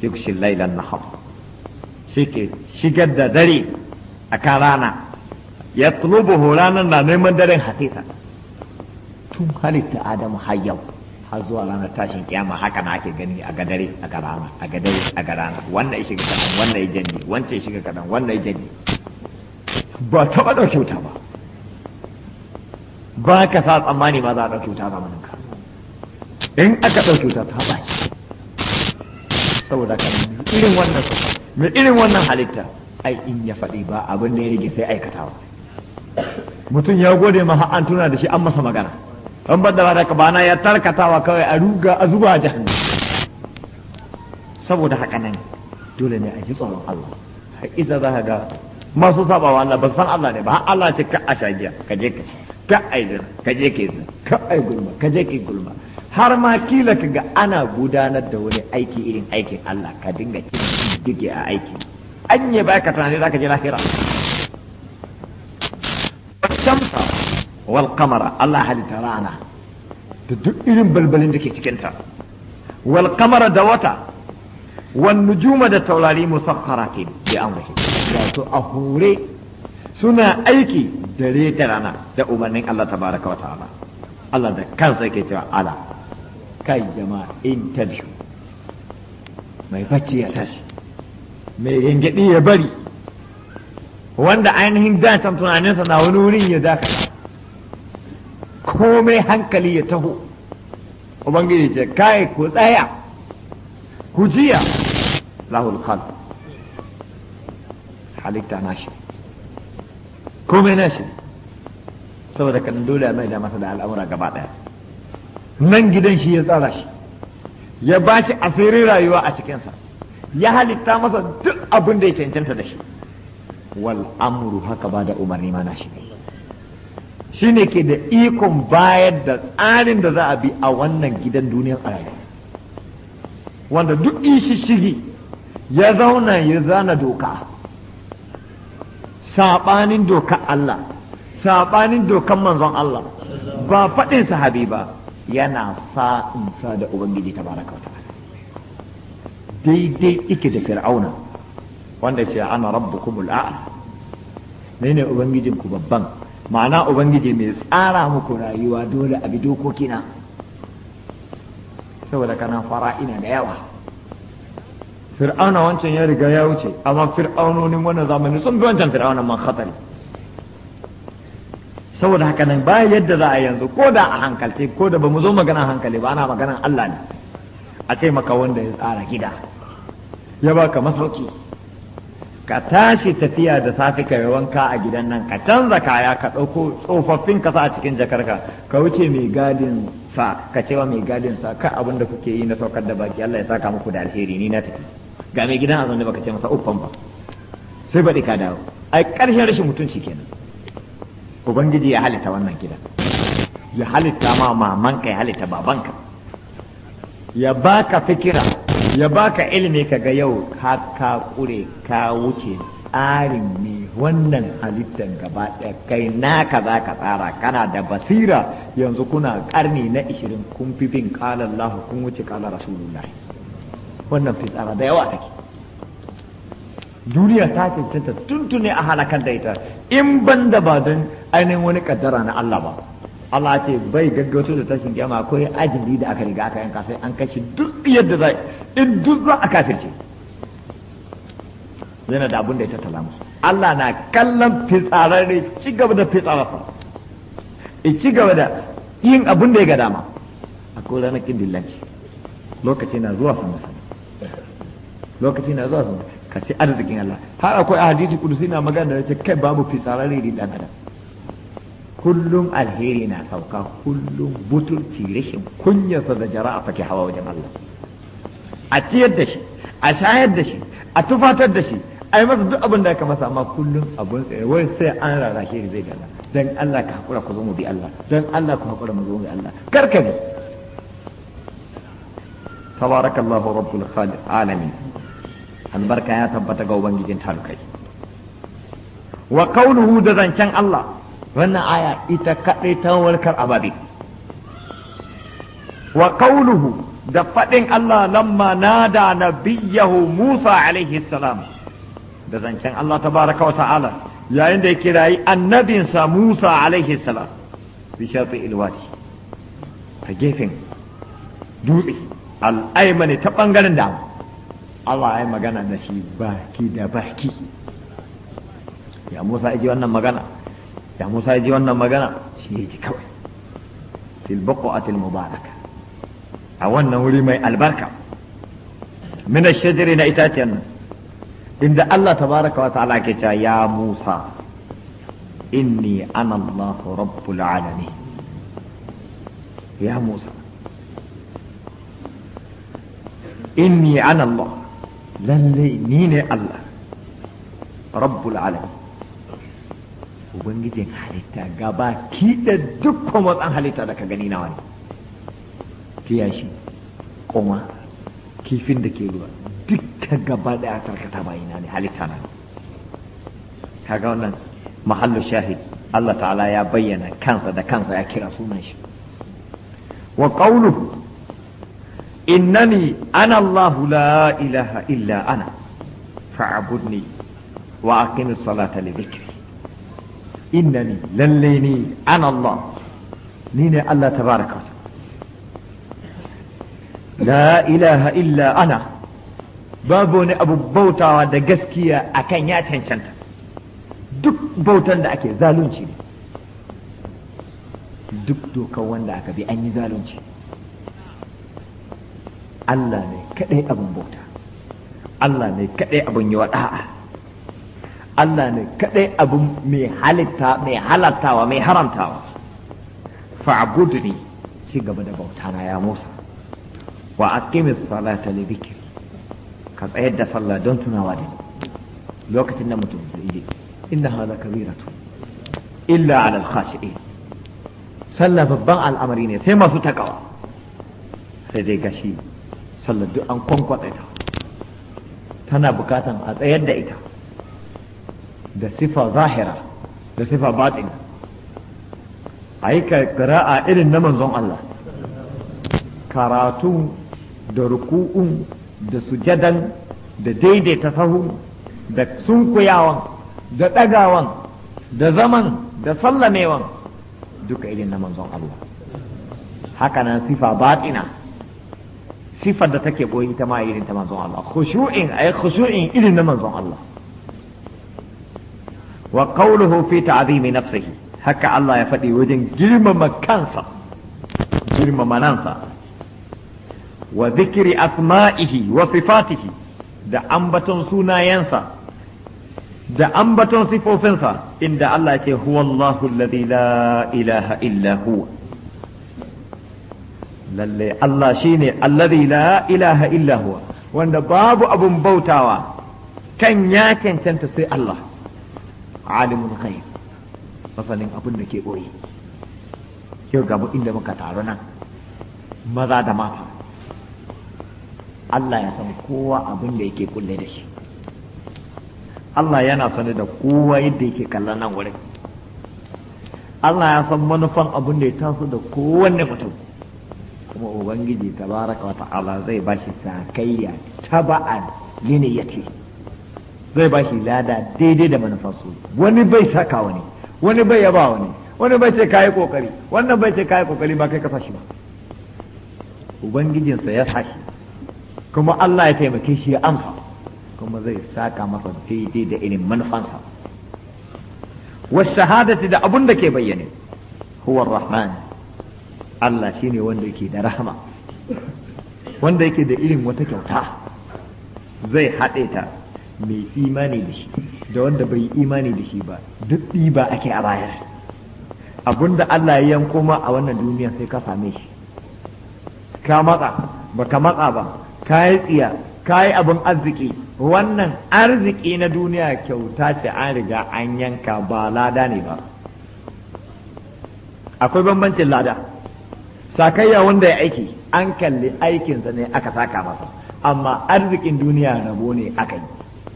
yukshin lailan hau. ke shigar da dare a kan rana ya tulubu ranar na neman daren hasisa tun halitta adamu har yau har zuwa ranar tashin kyama haka na ake gani a gadare a garana a gadare a garana wannan shiga kadan wannan ya janye wancan ya shiga kadan wannan ya janye ba taɓa ɗauke wuta ba ba ka sa tsammani ma za a ɗauki wuta mun ka in aka ɗauki wuta ta ba saboda ka irin wannan mai irin wannan halitta ai in ya faɗi ba abin da ya rige sai aikatawa mutum ya gode ma an tuna da shi an masa magana an ba da ka bana ya tarkatawa kawai a ruga a zuba a jahannu saboda haka nan dole ne a ji tsoron Allah haƙiƙa za ka ga masu sabawa Allah ba san Allah ne ba Allah ce ka a shagiya ka je ka ka aidin ka je ka yi ka ai gulma ka je ka gulma har ma kila ka ga ana gudanar da wani aiki irin aikin Allah ka dinga cin dige a aiki an yi baka tunani zaka je lahira shamsa wal qamara Allah halitta rana da duk irin balbalin da ke cikin ta wal qamara da wata wan nujuma da taurari musakharatin bi amrihi wato a hure suna aiki dare da rana da umarnin Allah tabaraka wa ta'ala Allah da kansa yake cewa ala kai jama'a interview mai bacci ya tashi mai gangaɗi ya bari wanda ainihin dantan tunaninsa na wani wurin ya dakata komai hankali ya taho ubangiji ce kai ku tsaya ku jiya lahul khal halitta nashi komai nashi saboda kan dole mai da masa da al'amura gaba daya nan gidan shi ya tsara shi ya ba shi asirin rayuwa a cikinsa ya halitta masa duk abin da ya cancanta da shi wal amuru haka ba da umarni mana shi ne shi ne ke da ikon bayar da tsarin da za a bi a wannan gidan duniyar a wanda duk shi shigi ya zauna ya zana doka saɓanin doka Allah saɓanin dokar manzon Allah ba faɗin sahabi ba yana sa in sa da ubangiji ta baraka wa ta'ala daidai ike da fir'auna wanda ce ana rabbukumul a'la ne ne Ubangijinku babban ma'ana ubangiji mai tsara muku rayuwa dole a bi dokokina saboda kana ina da yawa fir'auna wancan ya riga ya wuce amma fir'aunonin wannan zamani sun bi wancan fir'aunan man khatari saboda haka nan ba yadda za a yanzu ko da a hankalce ko da ba mu zo magana hankali ba ana maganan Allah ne a ce maka wanda ya tsara gida ya baka masauki ka tashi tafiya da safi ka yi wanka a gidan nan ka canza kaya ka ɗauko tsofaffin kasa a cikin jakarka ka wuce mai gadin sa ka cewa mai gadin sa ka abin da kuke yi na saukar da baki Allah ya saka muku da alheri ni na tafi ga mai gidan a zaune baka ce masa uffan ba sai baɗi ka dawo ai ƙarshen rashin mutunci kenan ubangiji ya halitta wannan gidan ya halitta ma mamanka ya halitta babanka ya baka fikira ya baka ilimi kaga yau har ka kure ka wuce tsarin ne wannan halittar gaba ɗaya kai naka za ka tsara kana da basira yanzu kuna ƙarni na ishirin kun fi bin kalan kun wuce kalan rasulullahi wannan fitsara da yawa take duniya ta cancanta tuntune a halakar da ita in ban da ba don ainihin wani kaddara na Allah ba Allah ce bai gaggauto da tashin kiyama akwai ajili da aka riga aka yanka sai an kashe duk yadda za in duk za a kafirce yana da abin da ya tattala musu Allah na kallon fitsarar ne ci gaba da fitsararsa e ci gaba da yin abin da ya ga dama ko ranar kindin lokaci na zuwa sun lokaci na zuwa sun ka ci arzikin Allah har akwai hadisi kudusi na magana da ce kai babu fisararre ne dan adam kullum alheri na sauka kullum butulci rashin sa da jara'a fake hawa wajen Allah a ciyar da shi a shayar da shi a tufatar da shi a yi masa duk abin da ya masa amma kullum abin tsaye wai sai an rarrashe shi zai gana dan Allah ka hakura ku zo mu bi Allah dan Allah ku hakura mu zo mu bi Allah karka ne tabarakallahu rabbul alamin albarka ya tabbata ga ubangijin talukai wa kauluhu da zancen Allah wannan aya ita kaɗai ta warkar ababe wa kauluhu da faɗin Allah lamma nada nabiyahu Musa alaihi salam da zancen Allah tabaraka wa ta'ala yayin da ya kirayi annabinsa Musa alaihi salam bi shafi ilwati ta gefen dutse al'aimani ta ɓangaren dama Allah ya magana da shi baki da baki ya Musa ya ji wannan magana ya Musa ya ji wannan magana shi ya ji kawai fil mubaraka a wannan wuri mai albarka min ash na nan inda Allah tabaraka wa ta'ala ke cewa ya Musa inni ana Allah rabbul alamin ya Musa inni ana Allah lallai ni ne Allah rabbul alamin ubangijin halitta gaba ki da dukkan watsan halitta da ka gani nawa ne kiyashi kuma kifin da ke ruwa dukka gaba daya tarkata na ne halitta na kaga wannan mahallu shahid Allah ta'ala ya bayyana kansa da kansa ya kira sunan shi wa qawluhu إنني أنا الله لا إله إلا أنا فاعبدني وأقم الصلاة لذكري إنني لليني أنا الله نيني الله تبارك وتعالى لا إله إلا أنا babu wani abu bautawa da gaskiya akan ya cancanta duk bautan da ake zalunci ne duk dokan wanda aka bi an zalunci Allah ne kaɗai abin bauta Allah ne kaɗai abin yi da'a Allah ne kaɗai abin mai halitta mai halattawa mai haramtawa fa'budni ci gaba da bauta na ya Musa wa aqimis salata li dhikri ka tsayar da sallah don tunawa da lokacin da mutum zai yi innaha lakabiratu illa 'ala al-khashi'in sallah babban al'amari ne sai masu takawa sai dai gashi sallar duk an kwankwada ta tana bukatan a tsayar da ita da sifa zahira da sifa batin a yi kara'a irin na manzon Allah karatu da ruku'un da sujadan da daidaita sahu da sunkuyawan da ɗagawan da zaman da sallamewan duka irin na manzon Allah haka nan sifa batina sifar da take goyi ta ma irin ta manzon Allah khushu'in ay khushu'in irin na manzon Allah wa qawluhu fi ta'zimi nafsihi haka Allah ya faɗi wajen girmama kansa girmama nansa wa dhikri asma'ihi wa sifatihi da ambaton sunayensa da ambaton sifofinsa inda Allah ya ce huwallahu alladhi la ilaha illa huwa lalle Allah shine allazi la ilaha illa huwa wanda babu abun bautawa kan ya cancanta sai Allah alimul ghaib masanin abin da ke boye yau ga mu inda muka taru nan maza da mata Allah ya san kowa abin da yake kulle da shi Allah yana sani da kowa yadda yake kalla nan wurin Allah ya san manufan abin da ya taso da kowanne mutum kuma ubangiji tabaraka wa ta'ala zai bashi sakayya taba'an yini yace zai bashi lada daidai da manufarsu wani bai saka wani wani bai yaba wani wani bai ce kayi kokari wannan bai ce kayi kokari ba kai ka shi ba ubangijinsa ya sashi kuma Allah ya taimake shi ya amsa kuma zai saka masa daidai da irin manufansa wa shahadati da abun da ke bayyane huwa rahman Allah shi ne wanda yake da rahama wanda yake da irin wata kyauta zai haɗe ta mai imani da shi da wanda bai yi imani da shi ba duk ɗiba ake a bayar abinda Allah ya yanko ma a wannan duniya sai ka same shi ka matsa ba ka matsa ba ka yi tsiya ka yi abin arziki wannan arziki na duniya kyauta ce an riga an yanka ba lada ne ba akwai bambancin lada sakayya wanda ya aiki an kalli aikinsa ne aka saka masa amma arzikin duniya rabo ne aka yi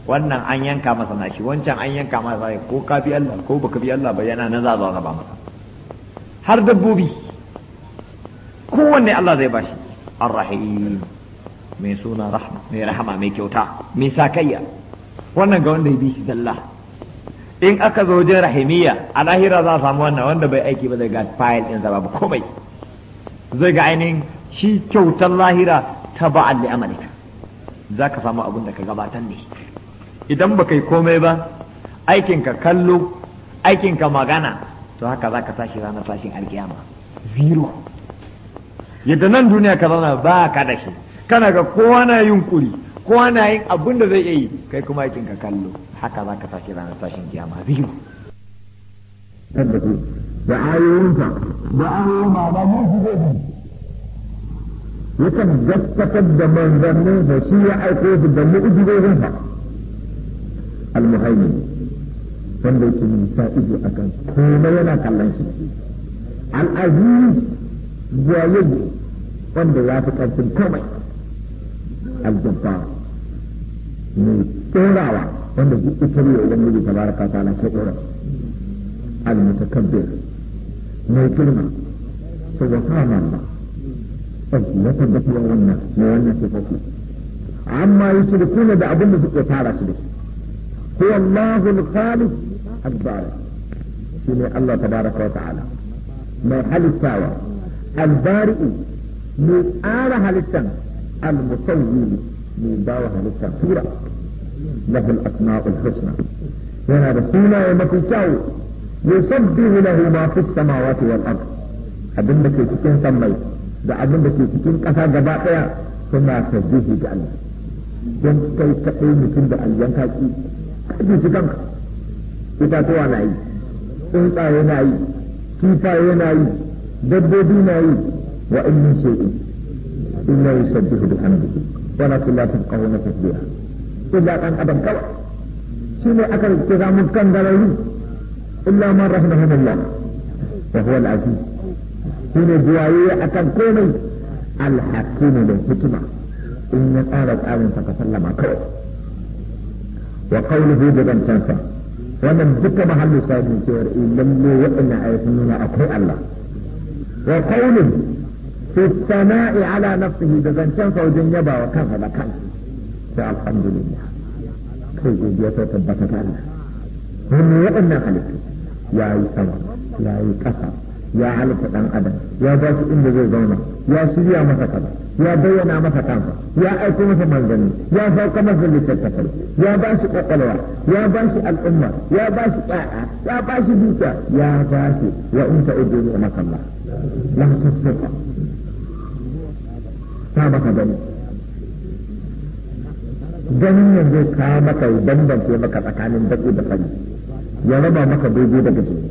wannan an yanka masa na shi, wancan an yanka masa ko ka bi Allah ko baka bi Allah ba yana nan za a zo ba masa har dabbobi kowanne Allah zai bashi arrahim mai suna rahma mai rahama mai kyauta mai sakayya wannan ga wanda ya bi shi zalla in aka zo wajen rahimiyya a lahira za a samu wannan wanda bai aiki ba zai ga fayil ɗinsa babu komai zai ga ainihin shi kyautar lahira ta ba'al li amalika za ka samu abin da ka gabatar ne idan ba kai komai ba aikinka kallo aikinka magana to haka za ka tashi ranar tashin alkiyama zero yadda nan duniya ka zauna ba ka da shi kana ga kowa na yin kuri kowa na yin abin da zai iya yi kai kuma aikin ka kallo haka za ka tashi ranar tashin kiyama zero da ayoyinsa da ayoyin malamin su zai yakan gaskatar da manzannin da shi ya aiko su da mu'jizozin sa al-muhaimin wanda yake nisa ido akan kuma yana kallon shi al-aziz jayayye wanda ya fi karfin komai al-jabbar mai tsorawa wanda duk ita ne ubangiji tabaraka na ke tsorawa al mai girma سبحان الله لا تبقى وانا وانا تفكوا عما يشركون ده أبن وتعالى تعالى هو الله الخالق البارئ شيني الله تبارك وتعالى ما حل الساوى البارئ من آل هلتن المصور من باو هلتن له الأسماء الحسنى يا رسول الله ومكتاو yusabbihu lahu ma fis samawati wal ard abin da ke cikin sammai da abin da ke cikin ƙasa gaba ɗaya suna tasbihi da Allah don kai kaɗai mutum da aljan kaki kaji ci kanka itatuwa na yi tsuntsaye na yi kifaye na yi dabbobi na yi wa in min shay'in illa yusabbihu hamdihi wa la la tafqahuna tasbiha illa ɗan adam kawai shine aka kira mun kan garari illa man rahimahu Allah wa huwa al-aziz shine buwaye akan komai al-hakim da hikima in ya tsara tsarin sa ka sallama kawai wa qawluhu da zancansa wannan duka mahallu sahibi cewar lalle waɗannan ayatun nuna akwai Allah wa qawluhu na sana'i ala nafsihi da zancansa wajen yaba kansa da kansa waɗannan halittu ya yi sama ya yi ƙasa ya halitta ɗan adam ya ba shi inda zai zauna ya shirya masa kaza ya bayyana masa kansa ya aiko masa manzanni ya sauka masa littattafai ya ba shi kwakwalwa ya ba shi al'umma ya ba shi ƙa'a ya ba shi dukiya ya ba shi wa in ta udu ne makalla la tusuka ta baka gani ganin yanzu ka maka bambance maka tsakanin baƙi da fari ya raba maka daidai daga jini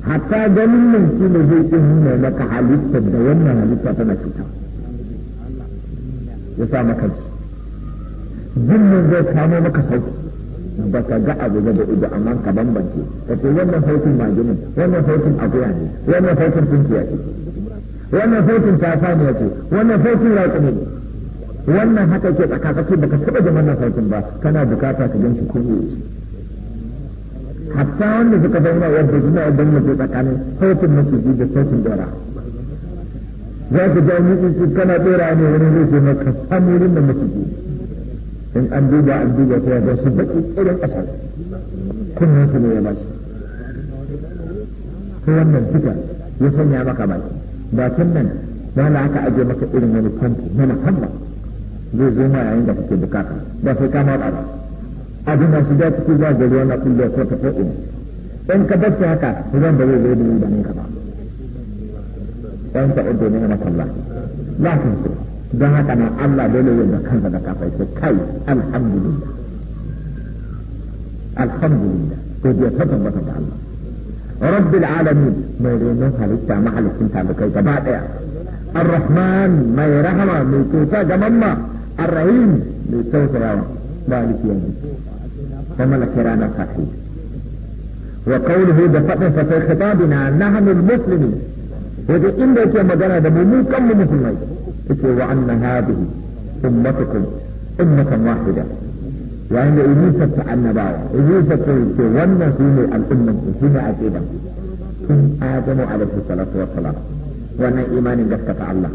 hatta ganin nan shi ne zai ƙin nuna maka halitta da wannan halitta tana cuta ya sa maka ji jin nan zai kamo maka sauti ba ka ga abu da ido amma ka bambance ka ce wannan sautin maginin wannan sautin akuya ne wannan sautin tunciya ce wannan sautin ne ce wannan sautin raƙi ne wannan haka ke tsaka da ka taɓa jin wannan sautin ba kana bukata ka gan shi ko ne hatta wanda suka zauna yadda suna yadda mutu tsakanin sautin maciji da sautin dora za ka ja mutu kana dora ne wani zai ce maka samurin da maciji in an duba an duba ta yadda su baki irin ƙasa kunnen su ne ya ba shi ta wannan duka ya sanya maka baki bakin nan ba na aka aje maka irin wani famfo na musamman zai zo ma yayin da kake bukata ba sai kama ba abin da shiga ciki za ga ruwa na kullo ko ta ko ina in ka bar shi haka ruwan ba zai zo da ni ba ka ba in ka ɗauke ne na Allah la so don haka na Allah dole yin da kansa da kafai ce kai alhamdulillah alhamdulillah ko ta tabbata da Allah mai فملك ران صحيح وقوله بفضل في خطابنا نحن المسلمين وذي إلا يكي مجانا دمو كم مسلمين يكي وعن هذه أمتكم أمة واحدة وعن إليسة النباوة إليسة يكي وأن سوني الأمة هنا أجيبا tun آدم عليه الصلاة wassalam وانا إيمان gaskata Allah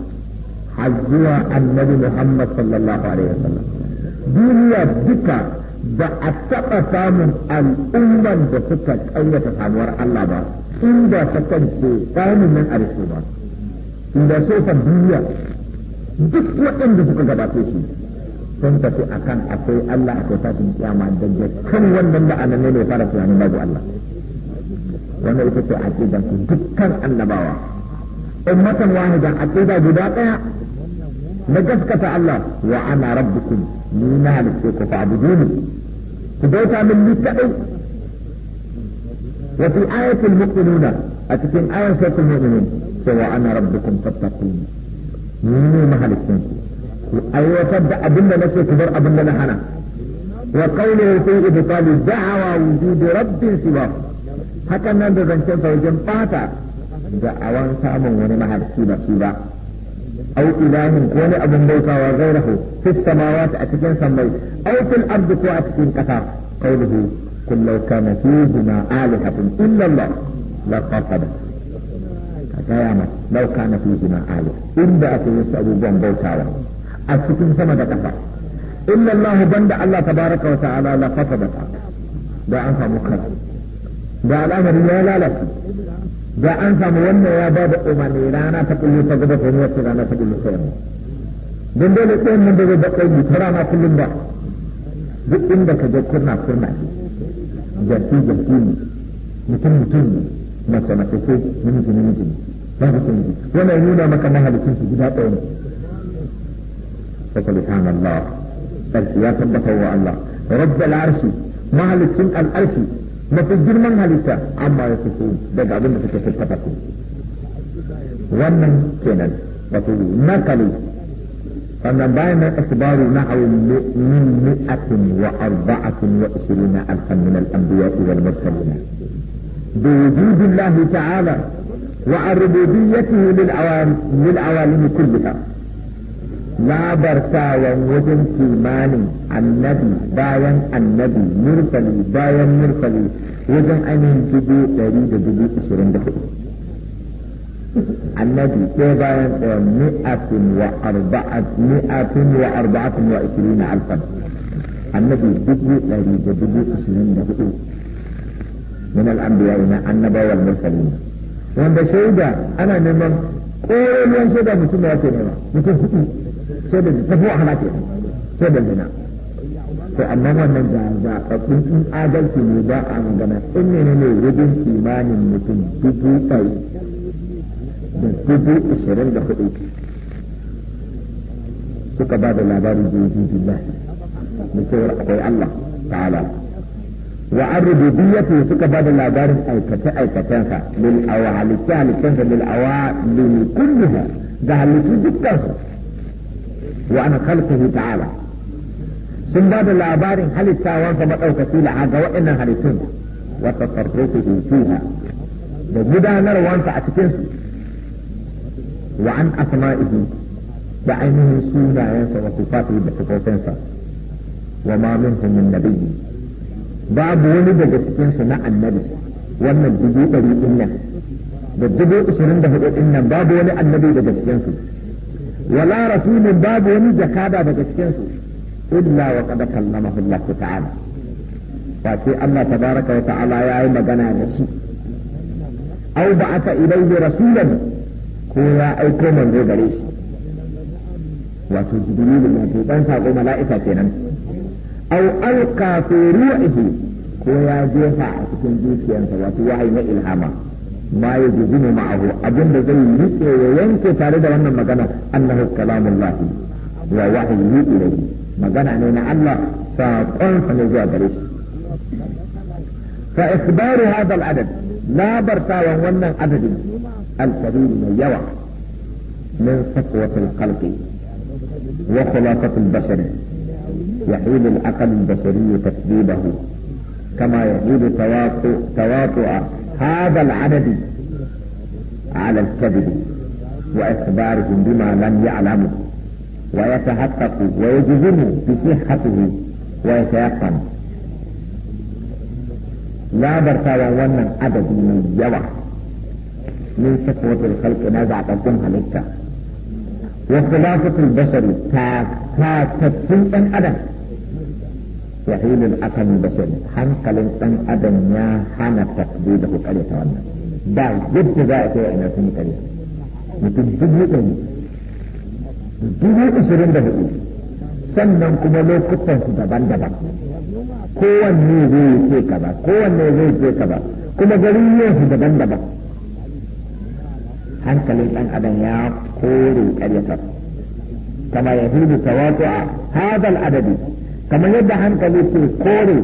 har النبي محمد صلى الله عليه وسلم دنيا duka ba a taɓa samun al'umman da suka ƙayyata samuwar Allah ba inda ta kance tsarin nan a risu ba inda so ta duniya duk waɗanda suka gabace shi sun tafi a kan akwai Allah akwai tashin kiyama daga kan wannan la'ana ne mai fara tunanin babu Allah wannan ita ce da su dukkan annabawa ummatan wahida aqida guda ɗaya na gaskata Allah wa ana rabbukum ni na halicce ku fa'buduni ku bauta min ni kadai wa fi ayatul mu'minuna a cikin ayar suratul mu'minun cewa ana rabbukum fattaqun ni ne mahalicin ku ku aiwatar da abin da nace ku bar abin da na hana wa qawluhu fi ibtali da'wa wujudi rabbin siwa hakan nan da zancen sa wajen fata da awan samun wani mahalicci ba shi ba aw ilahin ko wani abin bautawa gairahu fis ta a cikin sammai aw fil ardi a cikin kasa qawluhu kun law kana fihima alihatun illa Allah la fasada ka gaya ma law kana fihima alih inda ake wasu abubuwan bautawa a cikin sama da kasa illa Allah banda Allah tabaraka wa ta'ala da an samu da ya da an samu wannan ya ba da umarni rana ta kullu ta gaba sai wacce rana ta kullu sai don dole ɗayan nan da zai bakwai mu ta rana kullum ba duk inda ka je kurna kurna ce jarki jarki ne mutum mutum ne mace mace ce namiji namiji ne ba canji wannan nuna maka mahalicin su guda ɗaya ne فسبحان الله سبحانه وتعالى رب العرش مالك العرش mafi girman halitta amma ya suke daga abin da suke siffata su wannan kenan wato nakali sannan bayan na asibaru na awon min mi'atin wa arba'atin wa ishirina alfan min al'ambiya wal mursalina bi wujudillahi ta'ala wa arbubiyyatihi lil awam kullaha labartawan wajen kimanin annabi bayan annabi mursali bayan mursali wajen ainihin dubu ɗari da dubu ashirin da hudu annabi ɗaya bayan ɗaya mi'atun wa mi'atun wa arba'atun wa ashirin alfan annabi dubu ɗari da dubu ashirin da hudu min al'ambiya ina annabawa mursalin wanda shaida ana neman ko ƙoyon shaida mutum ya ke nema mutum hudu sai da tafi a halake sai da zina to amma wannan da zaɓaɓɓun in adalci ne ba a magana in ne ne wajen kimanin mutum dubu ɗari da dubu ishirin da hudu suka ba da labarin jirgin billah da cewar akwai Allah ta'ala wa an rububiyyati suka ba da labarin aikace-aikacensa lil awa halitta halittansa lil awa lil kulliha da halittu dukkansu wa an khalqihi ta'ala sun ba da labarin halittawansa maɗaukaki la'a ga waɗannan halittun wa tasarrufuhu fiha da gudanarwansa a cikin su wa an asma'ihi da ainihin sunayensa wa sifatihi da sifofinsa wa ma min nabiyyi babu wani daga cikin su na annabi wannan dubu da dubu da hudu nan babu wani annabi daga cikin su wala rasulin babu wani jakada daga cikin su illa wa qad kallamahu Allah ta'ala ba sai Allah tabaraka wa ta'ala yayi magana da shi au ba aka ilaihi rasulan ko ya aiko manzo gare shi wato jibrilu wato dan sako mala'ika kenan au alqa fi ru'ihi ko ya jefa a cikin zuciyarsa wato wahayi na ilhama ma ya jizinu ma'ahu abinda zai nutse ya yanke tare da wannan magana annahu kalamullahi wa wahyi ilayhi magana ne na Allah saƙon sa ne zuwa gare shi fa ikhbaru hadha al-adad labartawan wannan adadin al-kabir mai yawa min safwatil khalqi wa khulafatil bashari يحيل العقل البشري تكذيبه كما يحيل تواطؤ هذا العدد على الكذب واخبارهم بما لم يعلموا ويتحقق ويجزم بصحته ويتيقن لا برتا وانا عدد من يوى من شكوة الخلق نزع تكون هلكا وخلاصة البشر تاكا تسلطا عدد sahilul akal bashari hankalin dan adam ya hana takdidahu kare ta wannan da yadda za a ce ina sun yi kare mutum dubu ɗari dubu ishirin da hudu sannan kuma lokutan su daban-daban kowanne zai ce kaza kowanne zai ce kaza kuma garin yin su daban-daban hankalin dan adam ya kore karyatar kama ya hidu tawatu'a hadal adadi kamar yadda hankali ke kore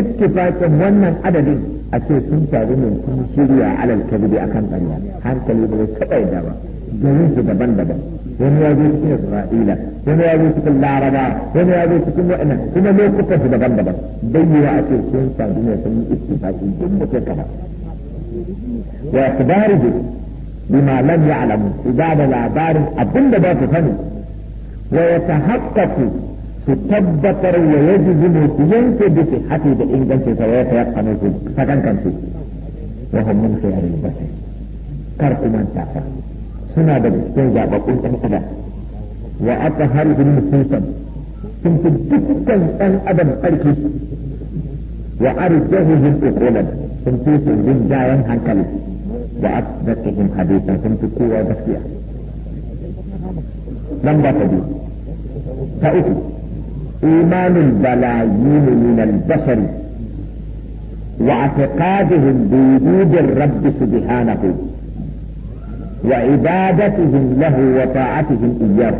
ittifaqin wannan adadin a ce sun taru ne sun shirya alal a akan ƙarya hankali ba zai taɓa yadda ba domin su daban-daban wani ya zo cikin isra'ila wani ya zo cikin laraba wani ya zo cikin wa'ina kuma lokutan su daban-daban bayyana a ce sun sadu ne sun yi ittifaqi duk mutum kama wa ikhbaruhu bima lam ya'lamu idan labarin abinda ba su sani wa yatahaqqaqu su tabbatar wa yaji ne su yanke da su hati da ingancin sa ya tayakkanu su ta kankan su wa hum min khayaril basar kar ku manta fa suna da cikin zaɓaɓɓun ɗan adam wa aka haru nufusan sun fi dukkan ɗan adam ƙarfi wa arjahu zin ukulan sun fi su zin jayen hankali wa asdaqihim hadithan sun fi kowa gaskiya lamba ta biyu ta uku إيمان البلايين من البشر واعتقادهم بوجود الرب سبحانه وعبادتهم له وطاعتهم إياه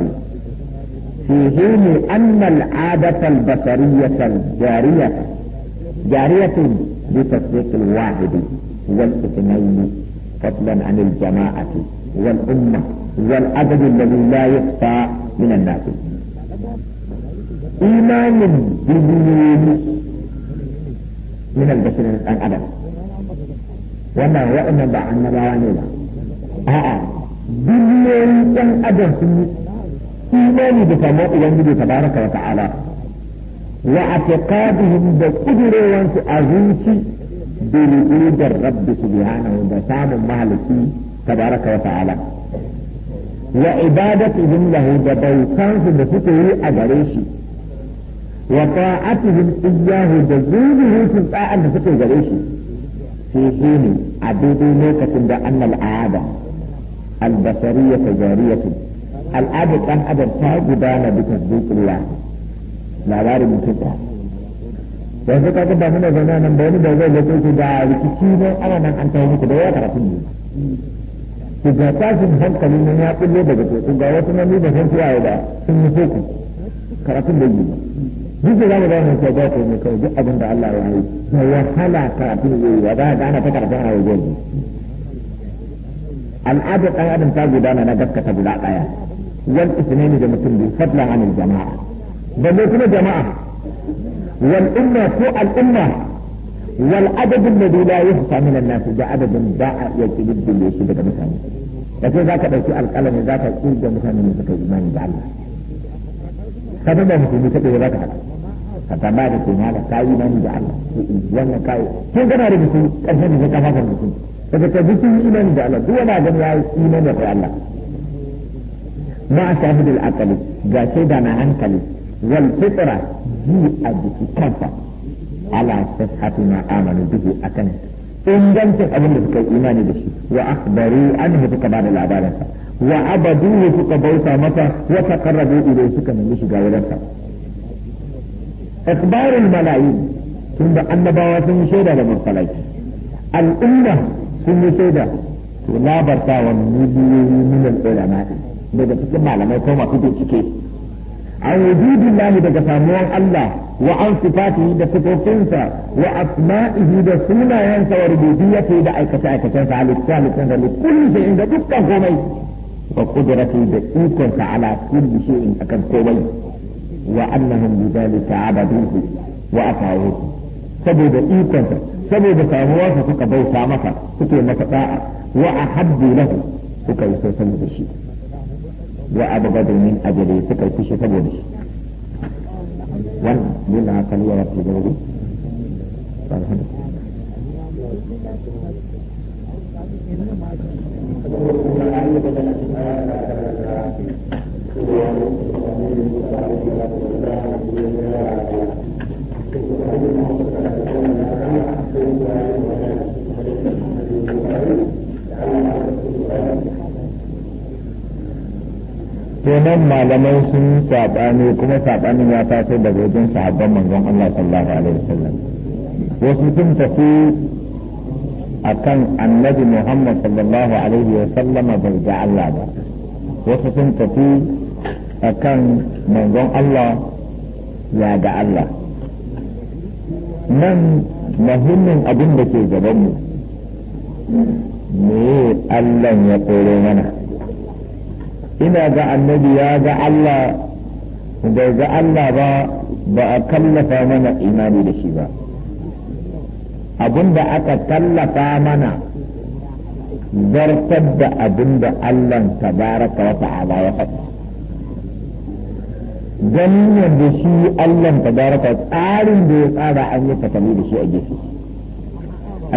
في حين أن العادة البشرية الجارية جارية بتطبيق الواحد والاثنين فضلا عن الجماعة والأمة والعدد الذي لا يخفى من الناس imanin duniyoyi minan basirin ɗan adam wannan wa'annan ba annabawa ne ba a'a duniyoyi ɗan adam sun yi imani da samuwa ubangiji ta baraka wa ta'ala wa a taƙadihin da ƙudurewansu a zuci da rabbi su da samun mahalaki ta baraka wa ta'ala wa ibadatihim lahu da bautansu da suke yi a gare shi wa ta'atuhum iyyahu da zuhuhum ta'an da suke gare shi fi hini a daidai lokacin da annal aada albasariya ta jariyatu al'ada ɗan adam ta gudana bi tasdiqillah labarin mutum ɗaya yanzu ka ba muna zauna nan da wani da zai zo da rikici ne ana nan an tayi muku da ya karatun ne su da tashin hankali ne ya kulle daga teku ga wasu nan da san tiyaye da sun yi teku karatun da yi mun za mu zama ko ne kai duk abin da Allah ya yi da wahala karatun zai yi ba za ka ana ta karatun a wajen al'adu ɗan adam ta gudana na gaskata guda ɗaya wal isnaini da mutum bi fadlan anil jama'a balle kuma jama'a wal umma ko al'umma wal adadin da la yuhsa min an-nas da adadin ba a iya da shi daga mutane da sai zaka dauki alƙalami zaka kirga mutane da suka imani da Allah ka ba musulmi ta ɗaya za ka haɗa ka tamba da ke nada ka yi imani da Allah wannan kayi kin gana da mutum ƙarshen da ka fafa mutum daga ta mutum imani da Allah duk wanda ga ya yi imani da Allah ma shahidul aqli ga shaida na hankali wal fitra ji a jiki kansa ala sihhati ma amanu a akan ingancin abin da suka yi imani da shi wa akhbaru anhu suka ba da labarinsa wa abaduhu suka bauta mata wa taqarrabu ilayhi suka nemi shiga wajensa ikhbarul malayin tunda annabawa sun yi shaida da mursalai al'umma sun yi shaida to labarta wa miliyoyi milan ulama daga cikin malamai ko masu bincike an wujudillahi daga samuwan Allah wa an da sifofinsa wa asma'ihi da sunayensa wa rububiyyati da aikace-aikacensa halitta halittansa da kullu shay'in da dukkan komai wa qudratu da ikonsa ala kulli shay'in akan komai wa annahum bidhalika abaduhu wa atawuhu saboda ikonsa saboda samuwarsa suka bauta masa suke masa da'a wa ahaddu lahu suka yi so saboda shi wa abgadu min ajali suka yi fushi saboda shi da nan malamai sun saɓani kuma saɓanin ya taso daga wajen sahabban manzon Allah sallallahu alaihi wasallam wasu sun tafi akan annabi Muhammad sallallahu alaihi wasallam bai ga Allah ba wasu sun tafi akan manzon Allah ya ga Allah nan muhimmin abin da ke gabanmu me Allah ya koro mana ina ga annabi ya ga Allah da ga Allah ba ba a kallafa mana imani da shi ba abinda aka tallafa mana zartar da abinda Allah ta tabaraka wa ta'ala ya faɗa ganin yadda shi Allah ta tabaraka tsarin da ya tsara an yi fatali da shi a gefe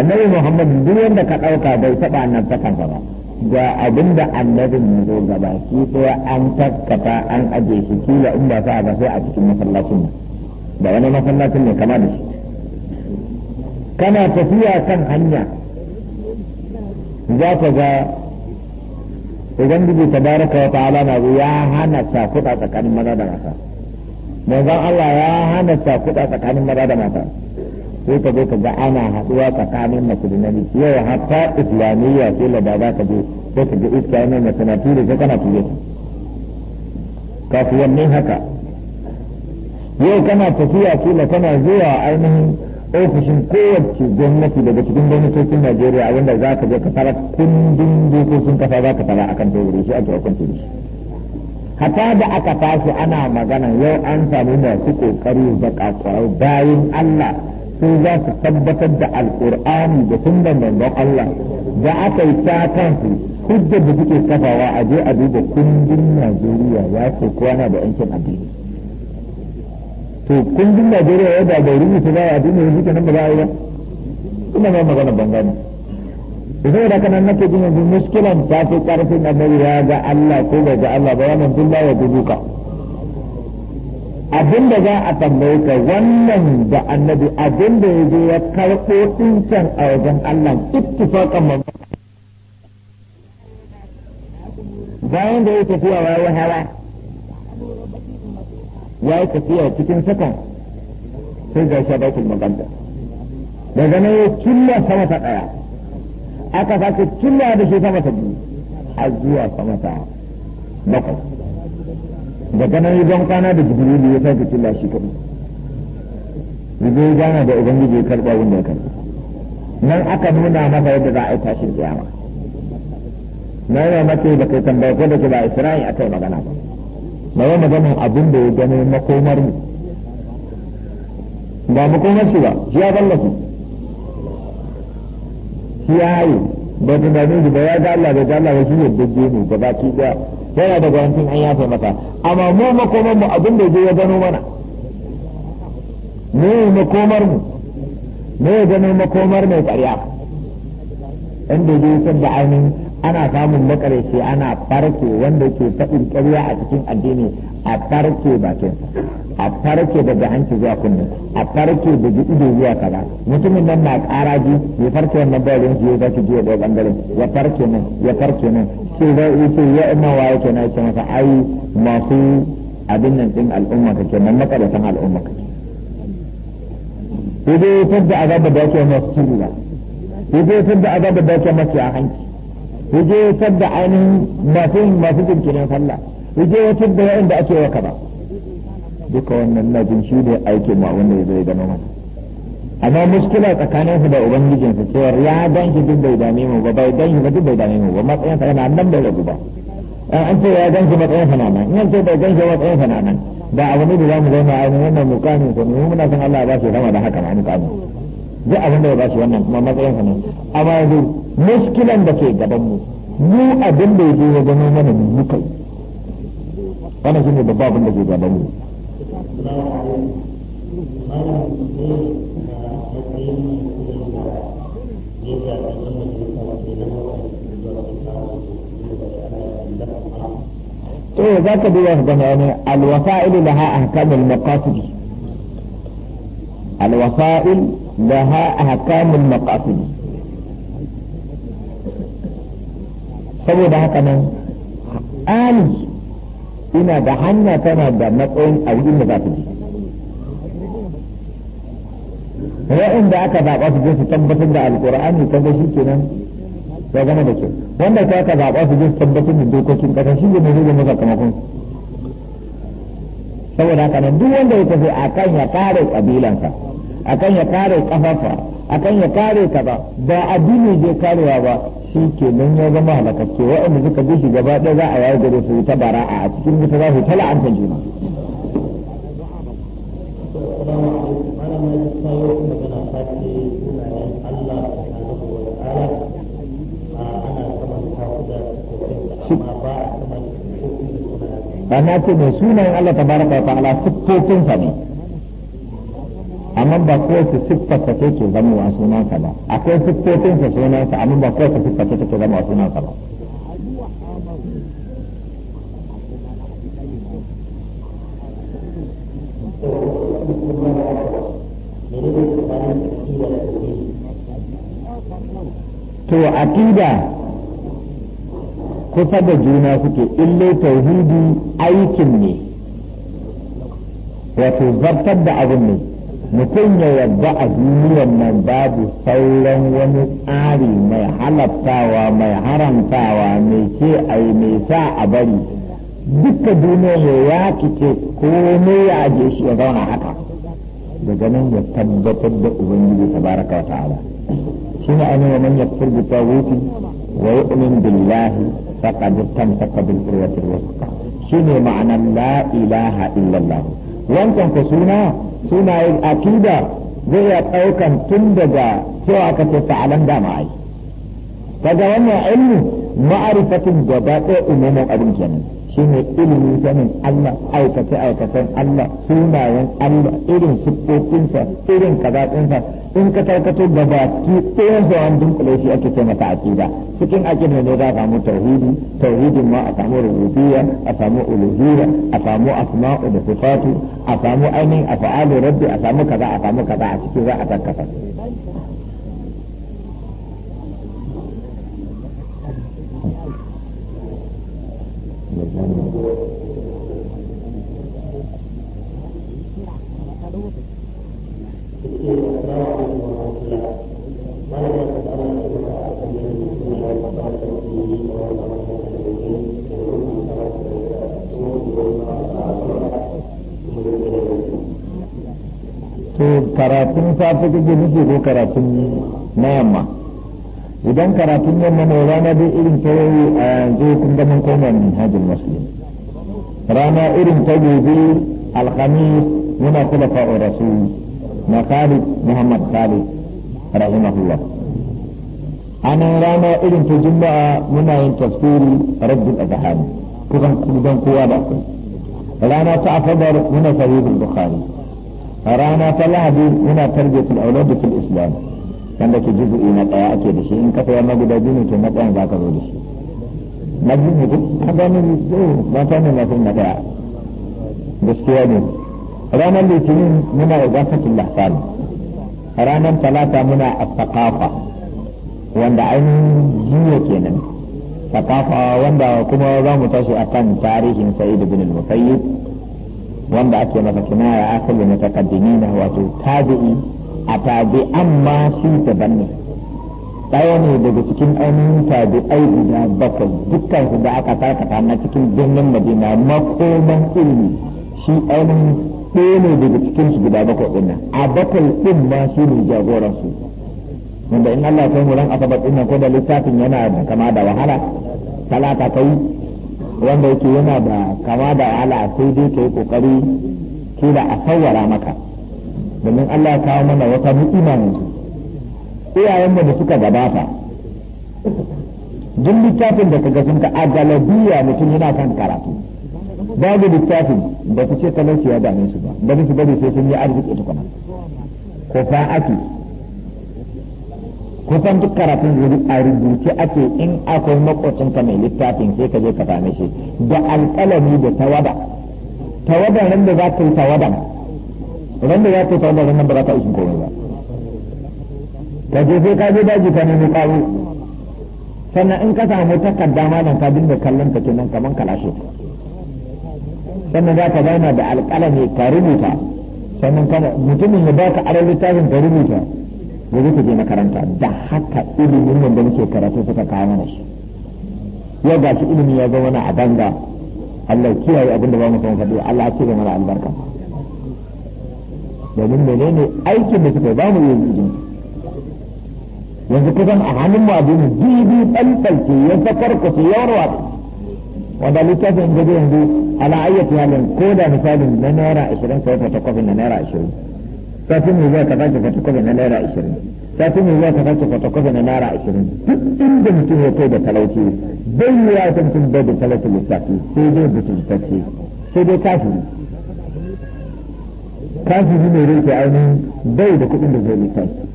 annabi Muhammad duk wanda ka ɗauka bai taɓa annabtakansa ba ga abin da annabin ya zo gaba shi ɗaya an takkata an aje shi kila in ba sa ba sai a cikin masallacin da wani masallacin ne kama da shi kana tafiya kan hanya za ka ga ubangiji tabaraka wa ta'ala na ya hana cakuɗa tsakanin maza da mata manzon Allah ya hana cakuɗa tsakanin maza da mata sai ka je ka ga ana haɗuwa tsakanin mace da namiji yau hatta islamiyya ce da za ka je sai ka ga iska yana mace na ture sai kana ture ta kasuwannin haka yau kana tafiya kila kana zuwa ainihin ofishin kowace gwamnati daga cikin gwamnatocin Najeriya wanda za ka je ka fara kundin dokokin kasa za ka fara akan tauri shi ake hukunci da shi hatta da aka tashi ana magana yau an samu masu kokari zakakurau bayan Allah Sai za su tabbatar da Al'ur'ani da sunnan manzon Allah da aka yi ta kansu hujjar da suke kafawa a je a duba kundin Najeriya ya ce kowa na da yancin addini to kundin Najeriya ya da gauri ne ba ya addini yanzu kenan ba za a yi ba ina ma magana bangani idan da kana nake jin yanzu muskilan ta fi karfin annabi ya ga Allah ko bai ga Allah ba wannan duk ya dubuka abin da za a tambaye ka wannan da annabi abin da ya zo ya karɓo ɗincan a wajen Allah ittifaqan man bayan da ya tafiya ya yi hara ya yi tafiya cikin sakan sai ga shi bakin maganta daga nan ya killa sama ta ɗaya aka sake killa da shi sama ta biyu har zuwa sama ta bakwai daga nan don kwana da jibrilu ya sake killa shi kaɗai ya zai gana da ubangiji ya karɓa wanda ya karɓa nan aka nuna masa yadda za a yi tashin kiyama na yana mace da kai tambaya ko da ke ba isra'i a kai magana ba na yi maganin abin da ya gani makomar mu ba makomar shi ba shi ya ballafi shi ya yi ba tunanin shi ba ya ga Allah da ga Allah shi ya dubbe ne gaba ki da yana da garantin an yafe masa amma mu makomar mu abin da ya gano mana mu makomar mu ya gano makomar mai ƙarya inda zai san da ainihin ana samun makareci ana farke wanda ke faɗin ƙarya a cikin addini a farke bakinsa a farke daga hanci zuwa kunne a farke daga ido zuwa kaza mutumin nan na karaji ya farke wannan bayan shi ya zaki jiya da bangaren ya farke nan ya farke nan ce sai da ce ya ina wa yake na ce masa ai masu abin nan din al'umma ka ke nan maka da san al'umma ka kake ya dai tabda azaba da yake masu cibi ba sai dai tabda azaba da yake masu ya hanci sai dai tabda ainihin masu masu jinkirin sallah sai dai tabda yayin da ake wa kaza duka wannan na jin shi ne aikin ma wanda ya zai zama masa amma muskila tsakanin su da ubangijinsa cewa ya dan shi duk bai dame mu ba bai dan shi ba duk bai dame mu ba matsayin sa yana nan bai ragu ba eh, an ce ya dan shi matsayin sa nan in an ce bai dan shi matsayin sa nan da abu ne da zamu zauna a wannan mukamin sa mu muna san Allah ya ba shi zama da haka mu mukamin duk abin da ya ba shi wannan kuma matsayin sa ne amma yanzu muskilan da ke gaban mu mu abin da ya je ya zama mana mu kai wannan shine babban abin da ke gaban mu ايه ذاك ديوه يعني الوسائل لها احكام المقاصد الوسائل لها احكام المقاصد سبب هكذا قال ina da hanya tana da matsayin a da za ta ji da aka zaɓa su je su tabbatar da alƙur'ani ga shi kenan ya zama da kyau wanda ta aka zaɓa su je su tabbatar da dokokin ƙasa shi ne zai zama kamakon saboda haka nan duk wanda ya tafi akan ya kare ƙabilansa akan ya kare ƙafafa akan ya kare ka ba ba addini zai karewa ba shi ke nan ya zama halakacce waɗanda suka bi shi gaba ɗaya za a yayi gare su ta bara'a a cikin wuta za su ta la'anta juna ana ce mai sunan Allah tabaraka wa ta'ala siffofinsa ne amma ba kowace siffarsa ce ke zama wa ka ba akwai sa sunan ka amma ba kowace siffarsa ce ke zama wa ka ba to aqida kusa da juna suke illai tauhidi aikin ne wato zartar da abin ne mutum ya yarda a duniyar nan babu sauran wani tsari mai halaftawa mai harantawa mai ce ai mai sa a bari duka duniyar ya ce komai ya ajiye shi ya zauna haka daga nan ya tabbatar da ubangiji tabaraka wa ta'ala shine ainihin man yakfur bi tawuti wa umin billahi ta tamsaka bil wasu ka. shi ne ma'anar la ilaha illallah wancan ka suna suna yin akida zai ya ɗaukan tun daga cewa ka ce fa'alan dama ai kaga wannan ilmi ma'arifatin gaba ɗaya umumin abin kenan shine ilimin sanin Allah aikace aikacen Allah sunayen Allah irin siffofinsa irin kazaɗinsa in ka tarkato da baki ɗayan su an dunkule shi ake ce mata aqida cikin aqida ne za a samu tauhidi tauhidin ma a samu rububiyya a samu uluhiyya a samu asma'u da sifatu a samu ainihin afa'alu rabbi a samu kaza a samu kaza a ciki za a tarkata To karatun safe kake nufi ko karatun yamma. Idan karatun yamma ne rana dai irin eh, ta yau a yanzu kun ga mun koma min hajjin musulmi. rana irin ta gobe alhamis muna kula fa'o rasul na khalid muhammad khalid rahimahullah anan rana irin ta juma'a muna yin tafsiri rabbul azhar kudan kudan kowa da kai rana ta asabar muna sahih al-bukhari rana ta lahadi muna tarbiyatul aulad fil islam kan da ke juzu'i na daya ake da shi in kafa ya magudaji ne to na za ka zo da shi majin ne an gano ne mata ne masu na daya gaskiya ne ranar litinin muna da igafatul lahsani ranar talata muna a asakafa wanda an jiya kenan sakafa wanda kuma za mu a kan tarihin sa'id ibn al-musayyib wanda ake masa kinaya akal mutaqaddimin wato tabi'i a tabi'an ma su daban ne daya ne daga cikin ainihin tabi'ai guda bakwai dukkan su da aka karkata na cikin birnin madina makoman ilimi shi ainihin ɗaya ne daga cikin su guda bakwai ɗin nan a bakwai ɗin ma shi ne jagoran su wanda in Allah kai muran asabar ɗin nan ko da littafin yana da kama da wahala talata kai wanda yake yana da kama da wahala sai dai kai kokari kila a sawara maka domin Allah ya kawo mana wata ni'ima iyayenmu da suka gabata duk littafin da kaga sun ka a mutum yana kan karatu babu littafin da ku ce talauci ya dame su ba da su bari sai sun yi arziki kuma ko fa ake kusan duk karatun a rubuce ake in akwai ka mai littafin sai ka je ka same shi da alƙalami da tawada tawada ran da za ka yi tawada ran da za ka yi tawada ran da za ka yi komai ba ka je sai ka je daji ka nemi ƙaro sannan in ka samu takarda malam ka dinga kallon ta kenan kaman kalashe sannan za ka zauna da alƙalami ka rubuta sannan kana mutumin ya baka aron littafin ka rubuta zai ku je makaranta da haka ilimin nan da muke karatu suka kawo mana shi yau ga shi ilimi ya zama na a banga Allah kiyaye abin da ba mu san faɗi Allah ce ga mana albarka domin menene aikin da suka ba mu yi yanzu kusan a hannun mu abin jibi tsantsance ya sakar ku su yawar watsi wanda littafin da zai yanzu ala ayyatu halin ko da misalin na naira ashirin sai fotokofi na naira ashirin sati mai zai ka sake fotokofi na naira ashirin sati mai zai ka sake fotokofi na naira ashirin duk inda mutum ya kai da talauci bai yi wa mutum bai da talauci littafi sai dai butultacce sai dai kafiri kafiri mai rai ke ainihin bai da kuɗin da zai littafi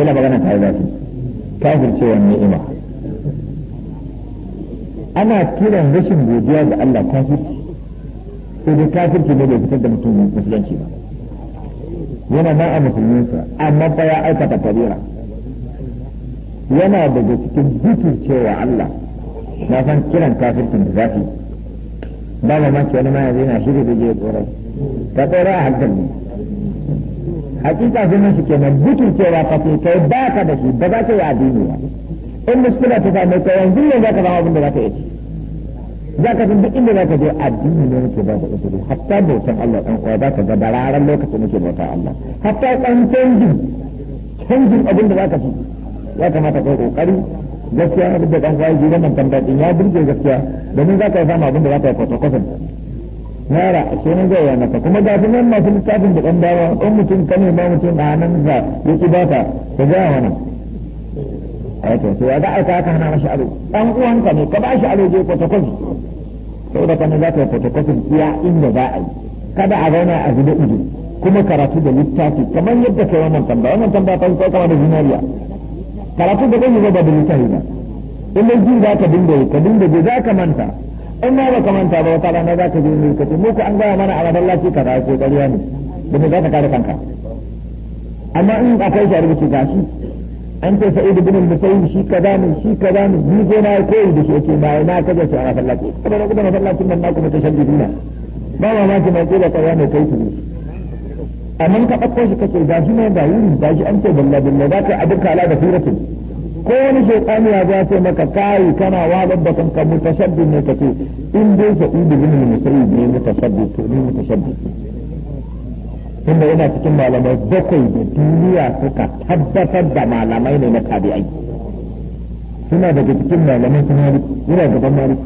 yana magana ta za su kafircewar ni'ima ana kiran rashin godiya ga Allah kafirci sai dai kafirci ne bai fitar da mutum musulunci ba yana nan a musulminsa amma ba ya aikata kabira yana daga cikin butulcewa Allah na san kiran kafircin da zafi ba mamaki wani ma yanzu yana shirya da je tsoron ka tsoron a hankali hakika zumun shi kenan bikin cewa ka ce kai ba ka da shi ba za ka yi addini ba in muskila ta same ka yanzu ne za ka zama abin da za ka yi za ka duk inda za ka je addini ne nake ba da usuli hatta bautan Allah dan uwa za ka ga dararen lokacin nake bauta Allah hatta dan canjin canjin abin da za ka ci ya kamata kai kokari gaskiya abin da dan uwa ji wannan tambayin ya burge gaskiya domin za ka yi samu abin da za ka yi kwatakwatan fara a sunan gaya maka kuma ga nan masu littafin da ɗan dawa ɗan mutum kane ba mutum a hannun sa ya ki ba ka gaya wannan aito to ya ga aka aka hana mashi aro ɗan uwanka ne ka ba shi aro je sau saboda kana za ka yi ya iya inda za a yi kada a zauna a zube ido kuma karatu da littafi kamar yadda yi wannan tambaya wannan tambaya ta kai kama da zinariya karatu da kai zaba da littafi ba in jin za ka dinga yi ka dinga je za ka manta in ma baka manta ba wata rana za ka je ne ka ce mu ko an gaya mana a madallaci ka da ko ƙarya ne da za ka kare kanka amma in kai shi a rubuce gashi an ce sa'id ibn al-musayyib shi kaza ne shi kaza ne ni zo na koyi da shi ake ba na kaje ce a masallaci kuma da kuma masallacin nan naku mutashabbihina ba ma ma ki mai da ƙarya ne kai ki amma ka ɗauko shi kace gashi ne ga yuri gashi an ce balla balla za ka abin kala da firatin ko wani shekani ya za ce maka kayi kana wa babba kanka mutashabbi ne kace in dai sa'idu bin musayyib ne mutashabbi to ni mutashabbi tunda yana cikin malamai bakwai da duniya suka tabbatar da malamai ne na tabi'ai suna daga cikin malaman su malik yana gaban mari.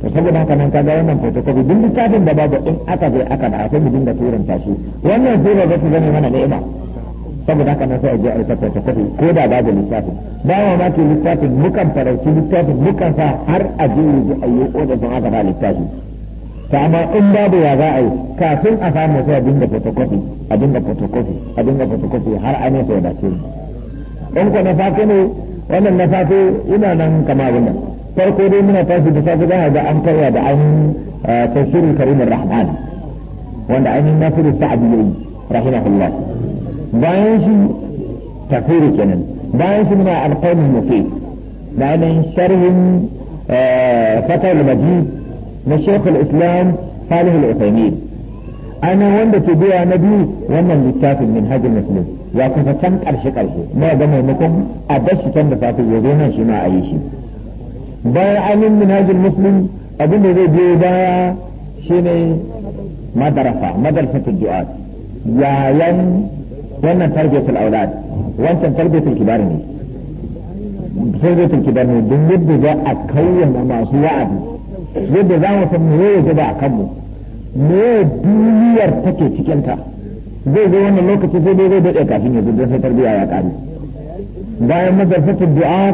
to saboda haka nan kaga wannan photocopy duk littafin da babu in aka zai aka da sai mu dinga suranta shi wannan sura za zama mana ni'ima saboda haka na sai a je a yi ta kwafi ko da babu littafin ba ma ma ke littafin mukan farauci littafin mukan sa har a je yi a yi da sun haka ba littafi ta amma in babu ya za a yi kafin a samu sai a dinga fotokofi a dinga fotokofi a dinga fotokofi har a ne sai dace in ko na safe ne wannan na safe ina nan kama wannan farko dai muna tashi da safe za ga an karya da an eh, tasirin karimin rahman wanda ainihin nasiru sa'adi yayi rahimahullah bayan shi tasiri kenan bayan shi muna alƙawmin mutu bayan sharhin eh, fatar majid na shekul islam salih al ana wanda ke biya na biyu wannan littafin min hajjin muslim ya kusa can ƙarshe ƙarshe na ga maimakon a bashi can da safe ya zo nan shi ma a yi shi bayan amin min hajjin muslim abin da zai biyo baya shine madarasa madarasa du'a yayan wannan tarbiyatul aulad wancan tarbiyatul kibar ne tarbiyatul kibar ne don yadda za a kayyana masu wa'azi yadda za mu san me ya da a kanmu me duniyar take cikin ta zai zo wannan lokaci sai dai zai dade kafin ya zuwa sai tarbiya ya kare bayan madarsatul du'a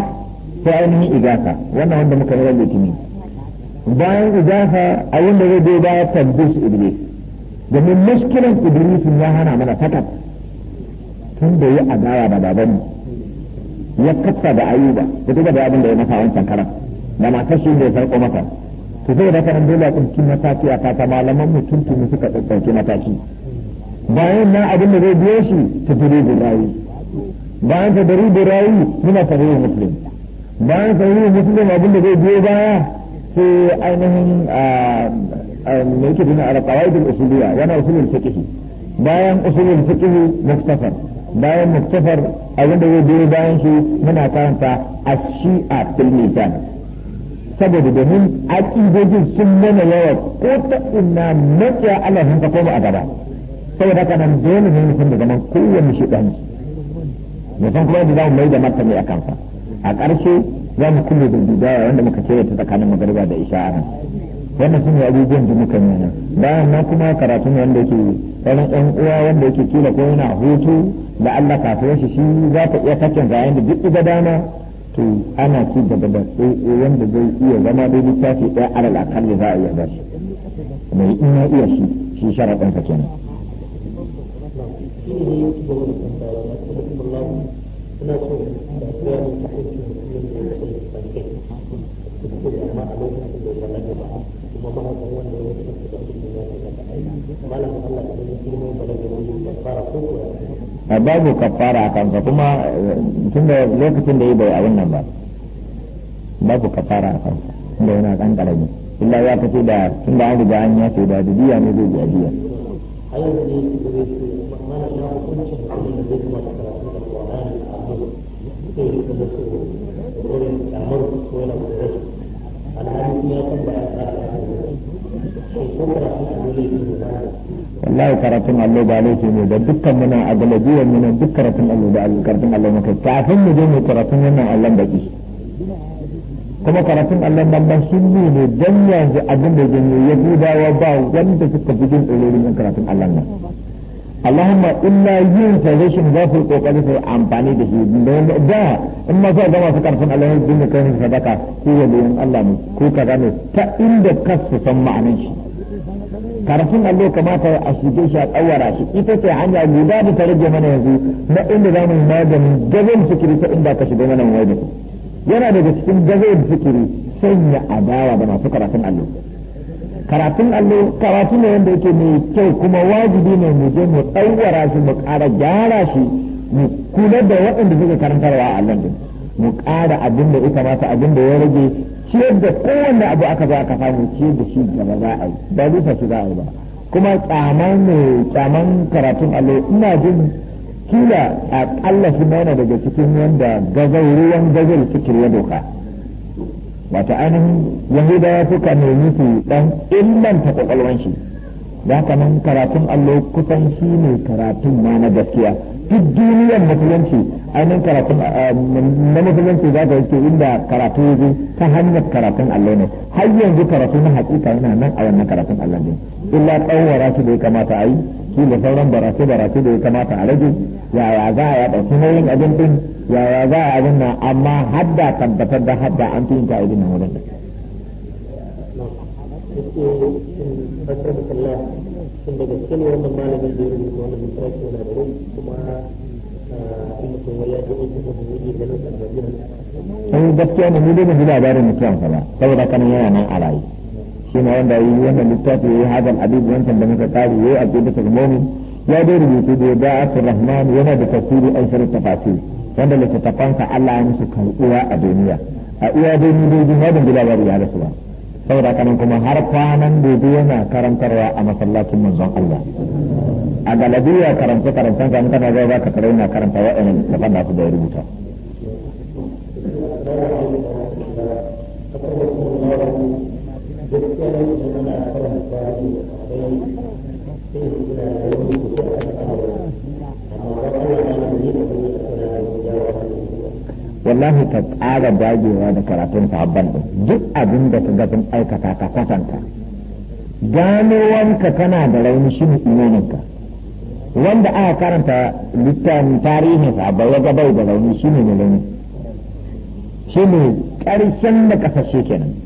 sai ainihin igaka wannan wanda muka yi litinin bayan igaka a wanda zai bai bayan tabbis iblis domin muskilan iblis ya hana mana fakat tun da yi adawa da babanmu ya kafsa da ayuba da duka da abin da ya masa wancan karan da matar shi da ya sarko masa to sai da kan dole ɗauki mataki a kasa malaman mu tuntuni suka ɗauki mataki bayan nan abin da zai biyo shi ta dare da rayu bayan ta dare da rayu muna sahihu muslim bayan sahihu muslim abin da zai biyo baya sai ainihin me yake dina al-qawaid al-usuliyya wa usulul fiqh bayan usulul fiqh muktasar bayan mustafar abin da zai biyo bayan shi muna karanta shi a mizan saboda domin aƙidojin sun mana yawa ko ta ina maƙiya Allah sun koma a gaba saboda haka nan dole ne mutum da zaman kowane shi ɗan mu san kuma yadda za mu mai da martani a kansa a ƙarshe za mu kulle da bidaya wanda muka ce ta tsakanin magariba da isha'a wannan sun yi abubuwan da muka nuna bayan na kuma karatu wanda yake sauran ɗan uwa wanda yake kila ko yana hutu da Allah kasuwar shi shi za ta iya sakin ga yanda duk da dama to ana ci gaba da tsotso wanda zai iya zama dai littafi ɗaya alal akal za a iya ba shi mai ina iya shi shi sharaɗin sa kenan Malam Allah da a eh, babu kafara a kansa kuma eh, tun da lokacin da yi bai abin nan ba babu kafara a kansa tun da yana kan karami illa ya kace da tun da an riga an yace da dubiya ne zai biya biya ya ba ya fara a ba wallahi karatun allo ba laifi ne da dukkan muna a galabiyar muna duk karatun allo da karatun allo muka kafin mu je mu karatun wannan allon baki kuma karatun allon bamban sunni ne dan yanzu abin da zan ya gudawa ba wanda suka fi jin tsororin karatun allon nan Allahumma illa yin sa rashin za su kokari su amfani da shi da in ma sai gama su karfin Allah ne dinga kai sadaka ko yabo Allah ne ko kaza ne ta inda kasu san ma'anin shi karatun allo kamata a shige shi a tsawara shi ita ce hanya guda da ta rage mana yanzu na inda za mu maganin gazon fikiri ta inda ka shiga mana wani yana daga cikin gazon fikiri sanya adawa da masu karatun allo karatun allo karatu ne wanda yake mai kyau kuma wajibi ne mu je mu tsawara shi mu ƙara gyara shi mu kula da waɗanda suka karantarwa a allon din mu ƙara abin da ya kamata abin da ya rage ciyar da kowanne abu aka za ka samu ciyar da shi gaba za a yi ba rufa shi za a yi ba kuma kyaman ne ƙyaman karatun allo ina jin kila a kalla shi mana daga cikin wanda gazau ruwan gazar fikir ya doka wata ainihin yahudawa suka nemi su dan illanta kwakwalwan shi za ka karatun allo kusan shi ne karatun ma na gaskiya duk duniyar musulunci ainihin karatun na musulunci za ka yake inda karatu yaje ta hanyar karatun allo ne har yanzu karatu na hakika yana nan a wannan karatun allo ne illa tsawara shi da ya kamata a yi shi da sauran barace barace da ya kamata a rage yaya za a yaɗa sunoyin abin din yaya za a abin nan amma hadda tabbatar da hadda an fi yin ta idin nan wurin. sun da cikin wannan malamin da yake da wannan littafi yana da rai kuma ah, in mutum ya ji aiki da su ne ganin sanadiyan eh gaskiya ne ni dai ban ji labarin mutuwan sa ba saboda kan yana nan a rayu shi ne wanda yi wannan littafi ya yi hadal abin wancan da muka tsari ya yi abin da kalmomi ya dai rubutu da ya ba'atul rahman yana da tafsiri an shirin tafasiri wanda littattafansa Allah ya musu karɓuwa a duniya a iya dai ni dai ban ji labarin ya rasu ba saboda kanan kuma har kwanan gobe yana karantarwa a masallacin manzon Allah a galabiya karance karancen ka kana zai baka tare na karanta wa'annan littafan da su da rubuta wallahi ka ƙara dagewa da karatun sabon din duk abin da ka ga sun aikata ka kwatanta ganowanka kana da rauni shi ne imaninka wanda aka karanta littafin tarihin sahabbai ya gabai da rauni shi ne da rauni shi ne ƙarshen da kasashe kenan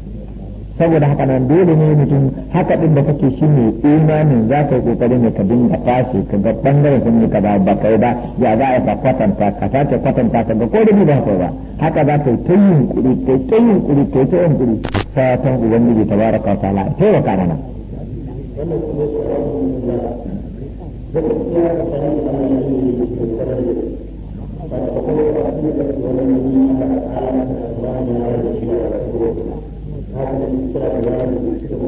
saboda haka nan dole ne mutum haka ɗin da kake shi ne imanin za ka yi kokari ne ka dinga tashi ka ga bangaren sun yi ka ba ba kai ba ya za a kwatanta ka ce kwatanta ka ga ko da ba kai ba haka za ka yi ta yin kuri yi ta yin kuri yi ta yin kuri ta ubangiji tabaraka ta'ala taimaka Thank you. هذا الذي اشترى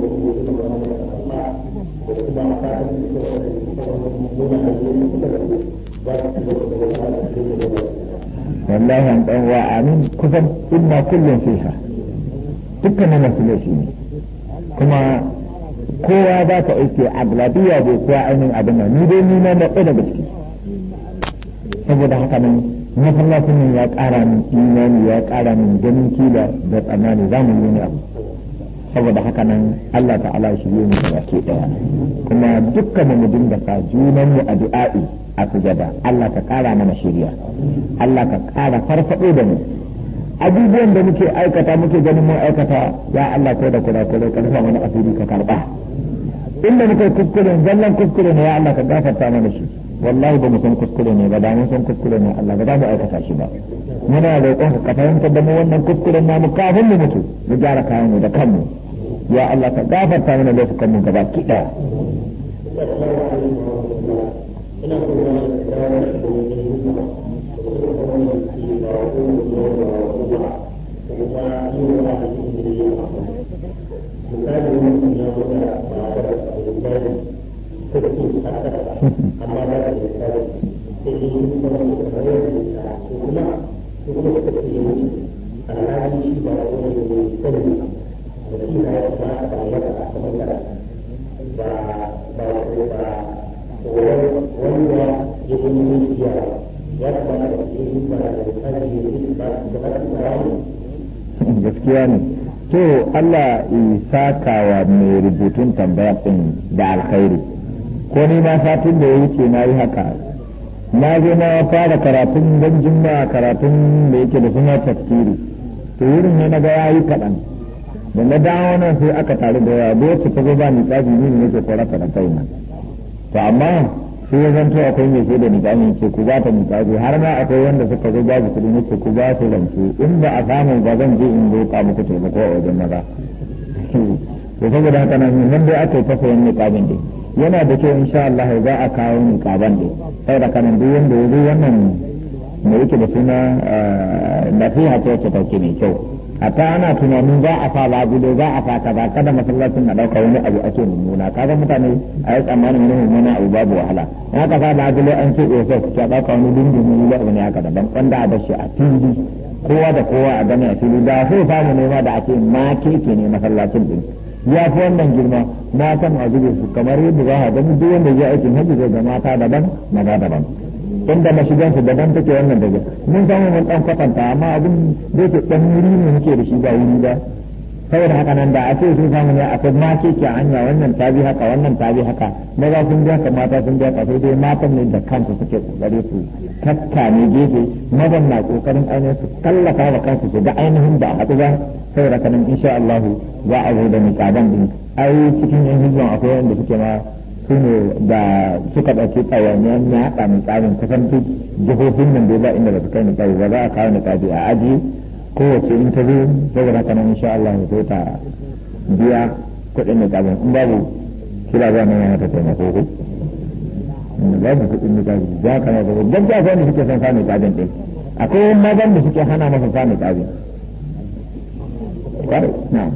والله wa amin kusan inna kullun fiha dukkanin masu laifi ne kuma kowa za ka aike aglabiya bai kowa ainihin abin nan ni dai ni na matsa daga ciki saboda haka nan masallacin nan ya ƙara min imani ya ƙara min ganin kila da tsammani za mu yi wani abu saboda haka nan Allah ta'ala shi yi mu da ke daya kuma dukkan mu dinga sa junan mu a du'a'i a sujada Allah ka ƙara mana shiriya Allah ka ƙara farfaɗo da mu abubuwan da muke aikata muke ganin mun aikata ya Allah ko da kula kula ka rufa mana asiri ka karɓa inda muke kuskuren zallan kuskure ne ya Allah ka gafarta mana shi wallahi ba mu san kuskure ne ba da mun san kuskure ne Allah ba za mu aikata shi ba muna roƙon ka fahimtar da mu wannan kuskuren namu kafin mu mutu mu gyara kayan mu da kanmu ya Allah ka gafarta mana laifukan mu gaba ki daya wanda ya ya kamata da ke gaskiya ne to Allah sakawa mai rubutun tambaya din da alkhairi ko ni ma fatin da ya wuce na yi haka na zo na fara karatun don jimma karatun da yake da suna tafkiri to wurin ne na ga yayi kaɗan da na dawo na sai aka tare da yawa da ta zo ba ni tsabi ne ke kwara da kaina to amma su ya zanto akwai mai sai da niƙami ce ku ba ta niƙami har ma akwai wanda suka zo babu kuɗi na ce ku ba su zance in ba a samu ba zan je in roƙa muku taimako a wajen maza to saboda haka nan nan dai aka yi tafayin niƙamin dai yana da kyau insha Allah za a kawo niƙaban dai da kanan duk wanda ya zo wannan mai yake da suna eh, nasiha ce ta take mai kyau a ta ana tunanin za a fa labulo za a fa ba kada masallacin na dauka wani abu ake mummuna kaga mutane a yi tsammanin wani mummuna abu babu wahala ya ka fa labulo an ce eh, ofe sai ta dauka wani dindin mummuna abu ne haka daban wanda a bashi a fili kowa da kowa a gani a fili da so samu nema da ake ma keke ne masallacin din ya fi wannan girma na san a zube su kamar yadda za a gani duk wanda ya aikin hajji zai ga mata daban maza daban tunda mashigan su daban take wannan daga mun samu mun dan kwatanta amma abin da yake dan wuri ne muke da shi ba wuri ba saboda haka nan da ake sun samu ne akwai ma keke hanya wannan ta bi haka wannan ta bi haka maza sun bi haka mata sun bi haka sai dai matan ne da kansu suke kokare su tattane gefe mazan na kokarin ainihin su tallafa da kansu su ga ainihin ba haka ba saboda haka nan insha Allah za a zo da miƙaban din ai cikin yan hijira akwai wanda suke ma shine da suka ɗauki tsawaniyar ya haɗa tsarin kusan duk jihohin nan ba inda ba su kai niƙabi ba za a kawo niƙabi a aji kowace in ta zo saboda haka nan insha Allah sai ta biya kuɗin niƙabin in babu kira ba nan yana ta taimako ku babu kuɗin niƙabi za ka na zaba duk da akwai suke son sa niƙabin ɗin akwai wani mazan da suke hana masa sa niƙabin. Right? Now.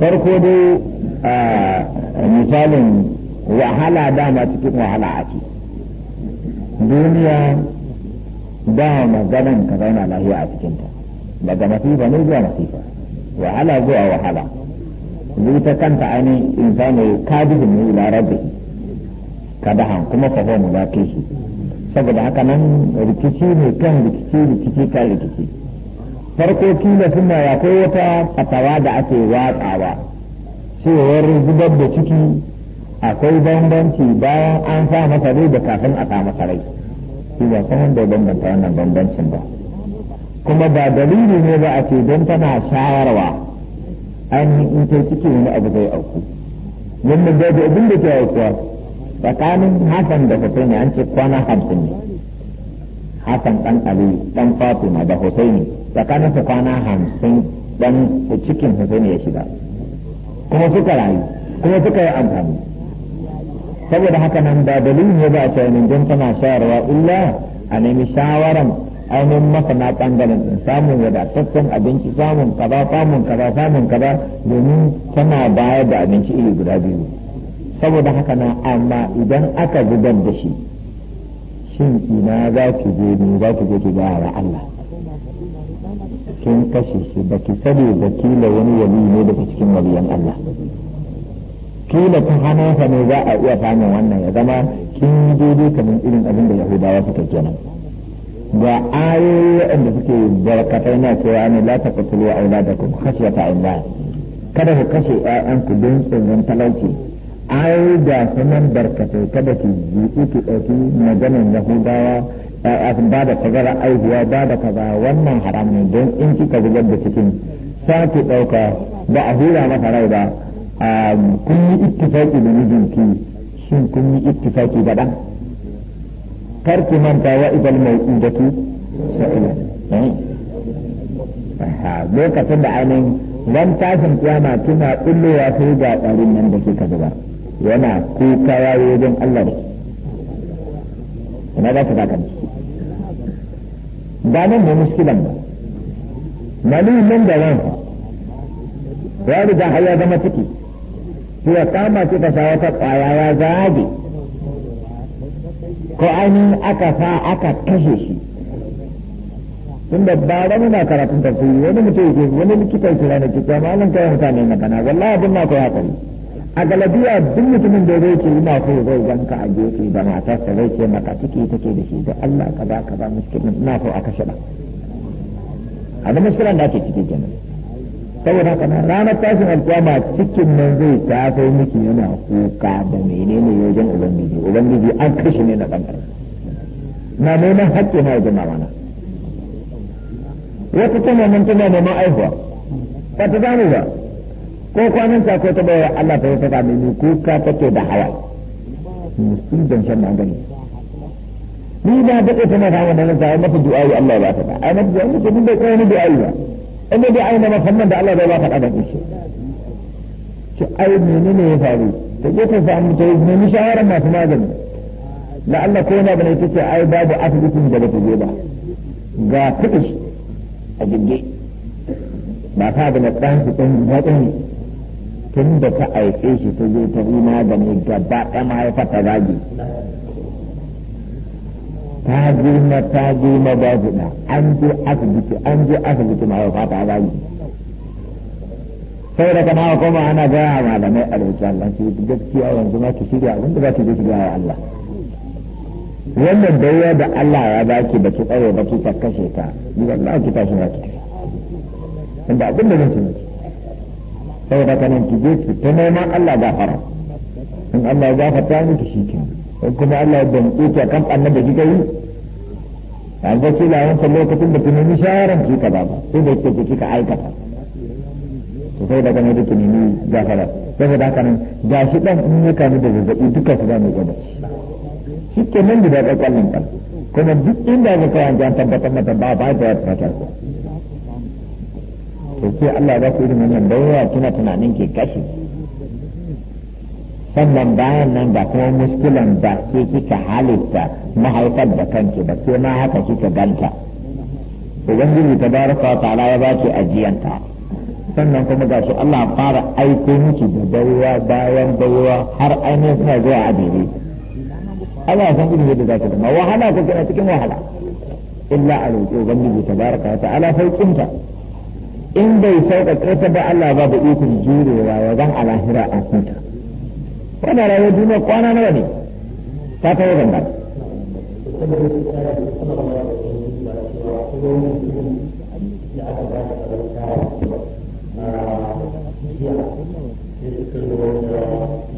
farko dai a misalin wahala dama cikin wahala ce duniya ba maganan ka zauna lahiya a cikinta daga masifa ne zuwa masifa wahala zuwa wahala zai ta kanta ainihin insani kadibin ne ka da kadahan kuma na ke shi saboda haka nan rikici ne kan rikici rikici kan rikici farko kila suna ya kai wata fatawa da ake watsawa cewar zubar da ciki akwai bambanci bayan an sa masa rai da kafin a sa masa rai shi ba san wanda bambanta wannan bambancin ba kuma ba dalili ne ba a ce don tana shawarwa. an yi in ta ciki wani abu zai auku wannan da abin da ke aukuwa tsakanin hasan da husaini an ce kwana hamsin ne hasan ɗan ali ɗan fatima da husaini tsakanin kwana hamsin dan cikin Hussein ya shiga kuma suka rayu kuma suka yi amfani saboda haka nan da dalilin ya ba ce min don tana shayarwa illa a nemi shawaran ainihin masana ɓangaren din samun wadataccen abinci samun kaza samun kaza samun kaza domin tana bayar da abinci iri guda biyu saboda haka nan amma idan aka zubar da shi shin ina za ki je ni za ki je ki ga Allah kin kashe shi da ki sani da kila wani yali ne daga cikin waliyan Allah kila ta hannunsa ne za a iya samun wannan ya zama kin yi daidai kamar irin abin da yahudawa suka kenan ga ayoyi waɗanda suke barkatai na cewa ne la taqtulu auladakum khashyata Allah kada ku kashe ku don tsoron talauci ayoyi da sunan barkatai kada ki zuƙi ki ɗauki maganin yahudawa ba da tagara aihuwa ba da kaza wannan haram ne don in kika zubar da cikin sake ɗauka ba a hura masa rai ba kun yi ittifaki da mijinki shin kun yi ittifaki ga ɗan kar ki manta wa idan mai idatu sa'ila eh? lokacin da ainihin zan tashin kiyama kina kullowa sai ga ɗarin nan da kika zubar yana kuka yayi wajen Allah da ina za ka kanki ba nan ne muskilan ba maliyin nan da ransa ya riga har ya zama ciki to ya kama ki ka shawo wata kwaya ya zage ko ainihin aka sa aka kashe shi da ba da muna karatun tafsiri wani mutum yake wani likita yake ranar kicciya malam kai mutane magana wallahi abin na ya hakuri a galabiya duk mutumin da zai ce ina so zai ganka a gefe da matarsa zai ce maka ciki take da shi da Allah ka ba ka ba muskilin ina so a kashe ba a da muskilan da ake ciki kenan saboda haka na ranar tashin alkiyama cikin nan zai taso miki yana kuka da menene wajen ubangiji ubangiji an kashe ne na bangare na neman hakki na wajen mawana wata tana nan tana neman aihuwa ba ta zamu ba ko kwanan ta ko ta bayar Allah ta ta dame ne ko ka take da hawa musidan shan magani ni ba da ko tana da wannan ta ai maka du'a'i Allah ba ta ba ai mafi du'a'i ko da kai ni du'a'i ba inda du'a'i na mafannan da Allah bai ba ka da shi ce ai menene ya faru ta je ta samu ta yi nemi shawarar masu magani la Allah ko na bane ce ai babu asibitin da ba ta je ba ga kudi a jirgi ba sa da na ɗan su ɗan tun da ta aike shi ta zo ta yi magani gaba ɗaya mahaifa ta zagi ta girma ta girma ba ɗa an je asibiti an je asibiti mahaifa ta zagi sai da kama kuma ana gaya malamai a rubuce Allah ce gaskiya yanzu ma ki shirya abin da za ki je ki gaya Allah wannan dawo da Allah ya baki baki tsare ba ka kashe ta ni wallahi ki tashi na ki inda abin da zan ci saboda ka nan ki gefe ta neman Allah gafara in Allah ya gafarta miki shi ke kuma Allah ya danƙe ki akan annan da kika yi a ga kila wancan lokacin da ki nemi ki ka ba sai da kike kika aikata to sai daga nan da ki nemi gafara saboda ka nan gashi dan in ya kamu da zazzabi duka su ba mu gaba shi ke nan da ka kwallon kan kuma duk inda ka kawo an tabbatar mata ba ba da ta ko to ce Allah ba ku irin wannan daura kina tunanin ke kashi sannan bayan nan ba kuma muskilan ba ke kika halitta mahaifar da kanki ba ke ma haka kika ganta ubangiji ta baraka ta'ala ya baki ajiyanta sannan kuma ga shi Allah fara aiko miki da daura bayan daura har ainihin suna zuwa ajiri Allah san gudu yadda zaka zama wahala ko kina cikin wahala illa a roƙi ubangiji ta baraka ta ala sauƙinta in bai sauƙaƙe ta ba Allah ba da ikon jurewa ya zan a lahira a kuta wanda rayuwar duniya kwana nawa ne ta kawo gamba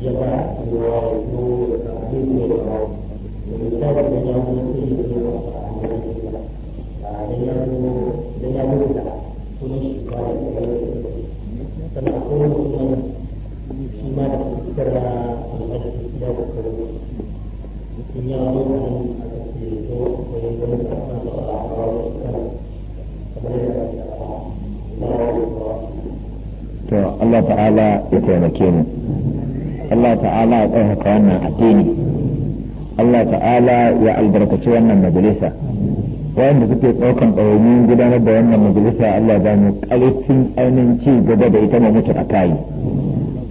ya ba Allah ta'ala ya taimake mu Allah ta'ala ya ɗaukaka wannan addini Allah ta'ala ya albarkaci wannan majalisa wanda suke ɗaukan ɗawainin gudanar da wannan majalisa Allah ba mu ƙarfin ainihin ci gaba da ita ma mutu a kayi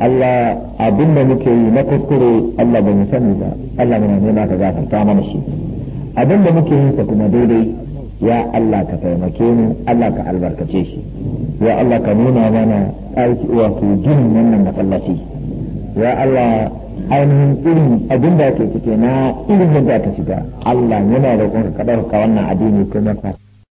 Allah abin da muke yi na kuskure Allah ba mu sani ba Allah muna nuna ka gafarta mana shi abin da muke yin sa kuma daidai ya Allah ka taimake mu Allah ka albarkace shi ya Allah ka nuna mana aiki wato ginin wannan masallaci ya Allah ainihin irin abin da ke cike na irin yadda ka shiga Allah yana roƙon ka ka wannan addini kuma ka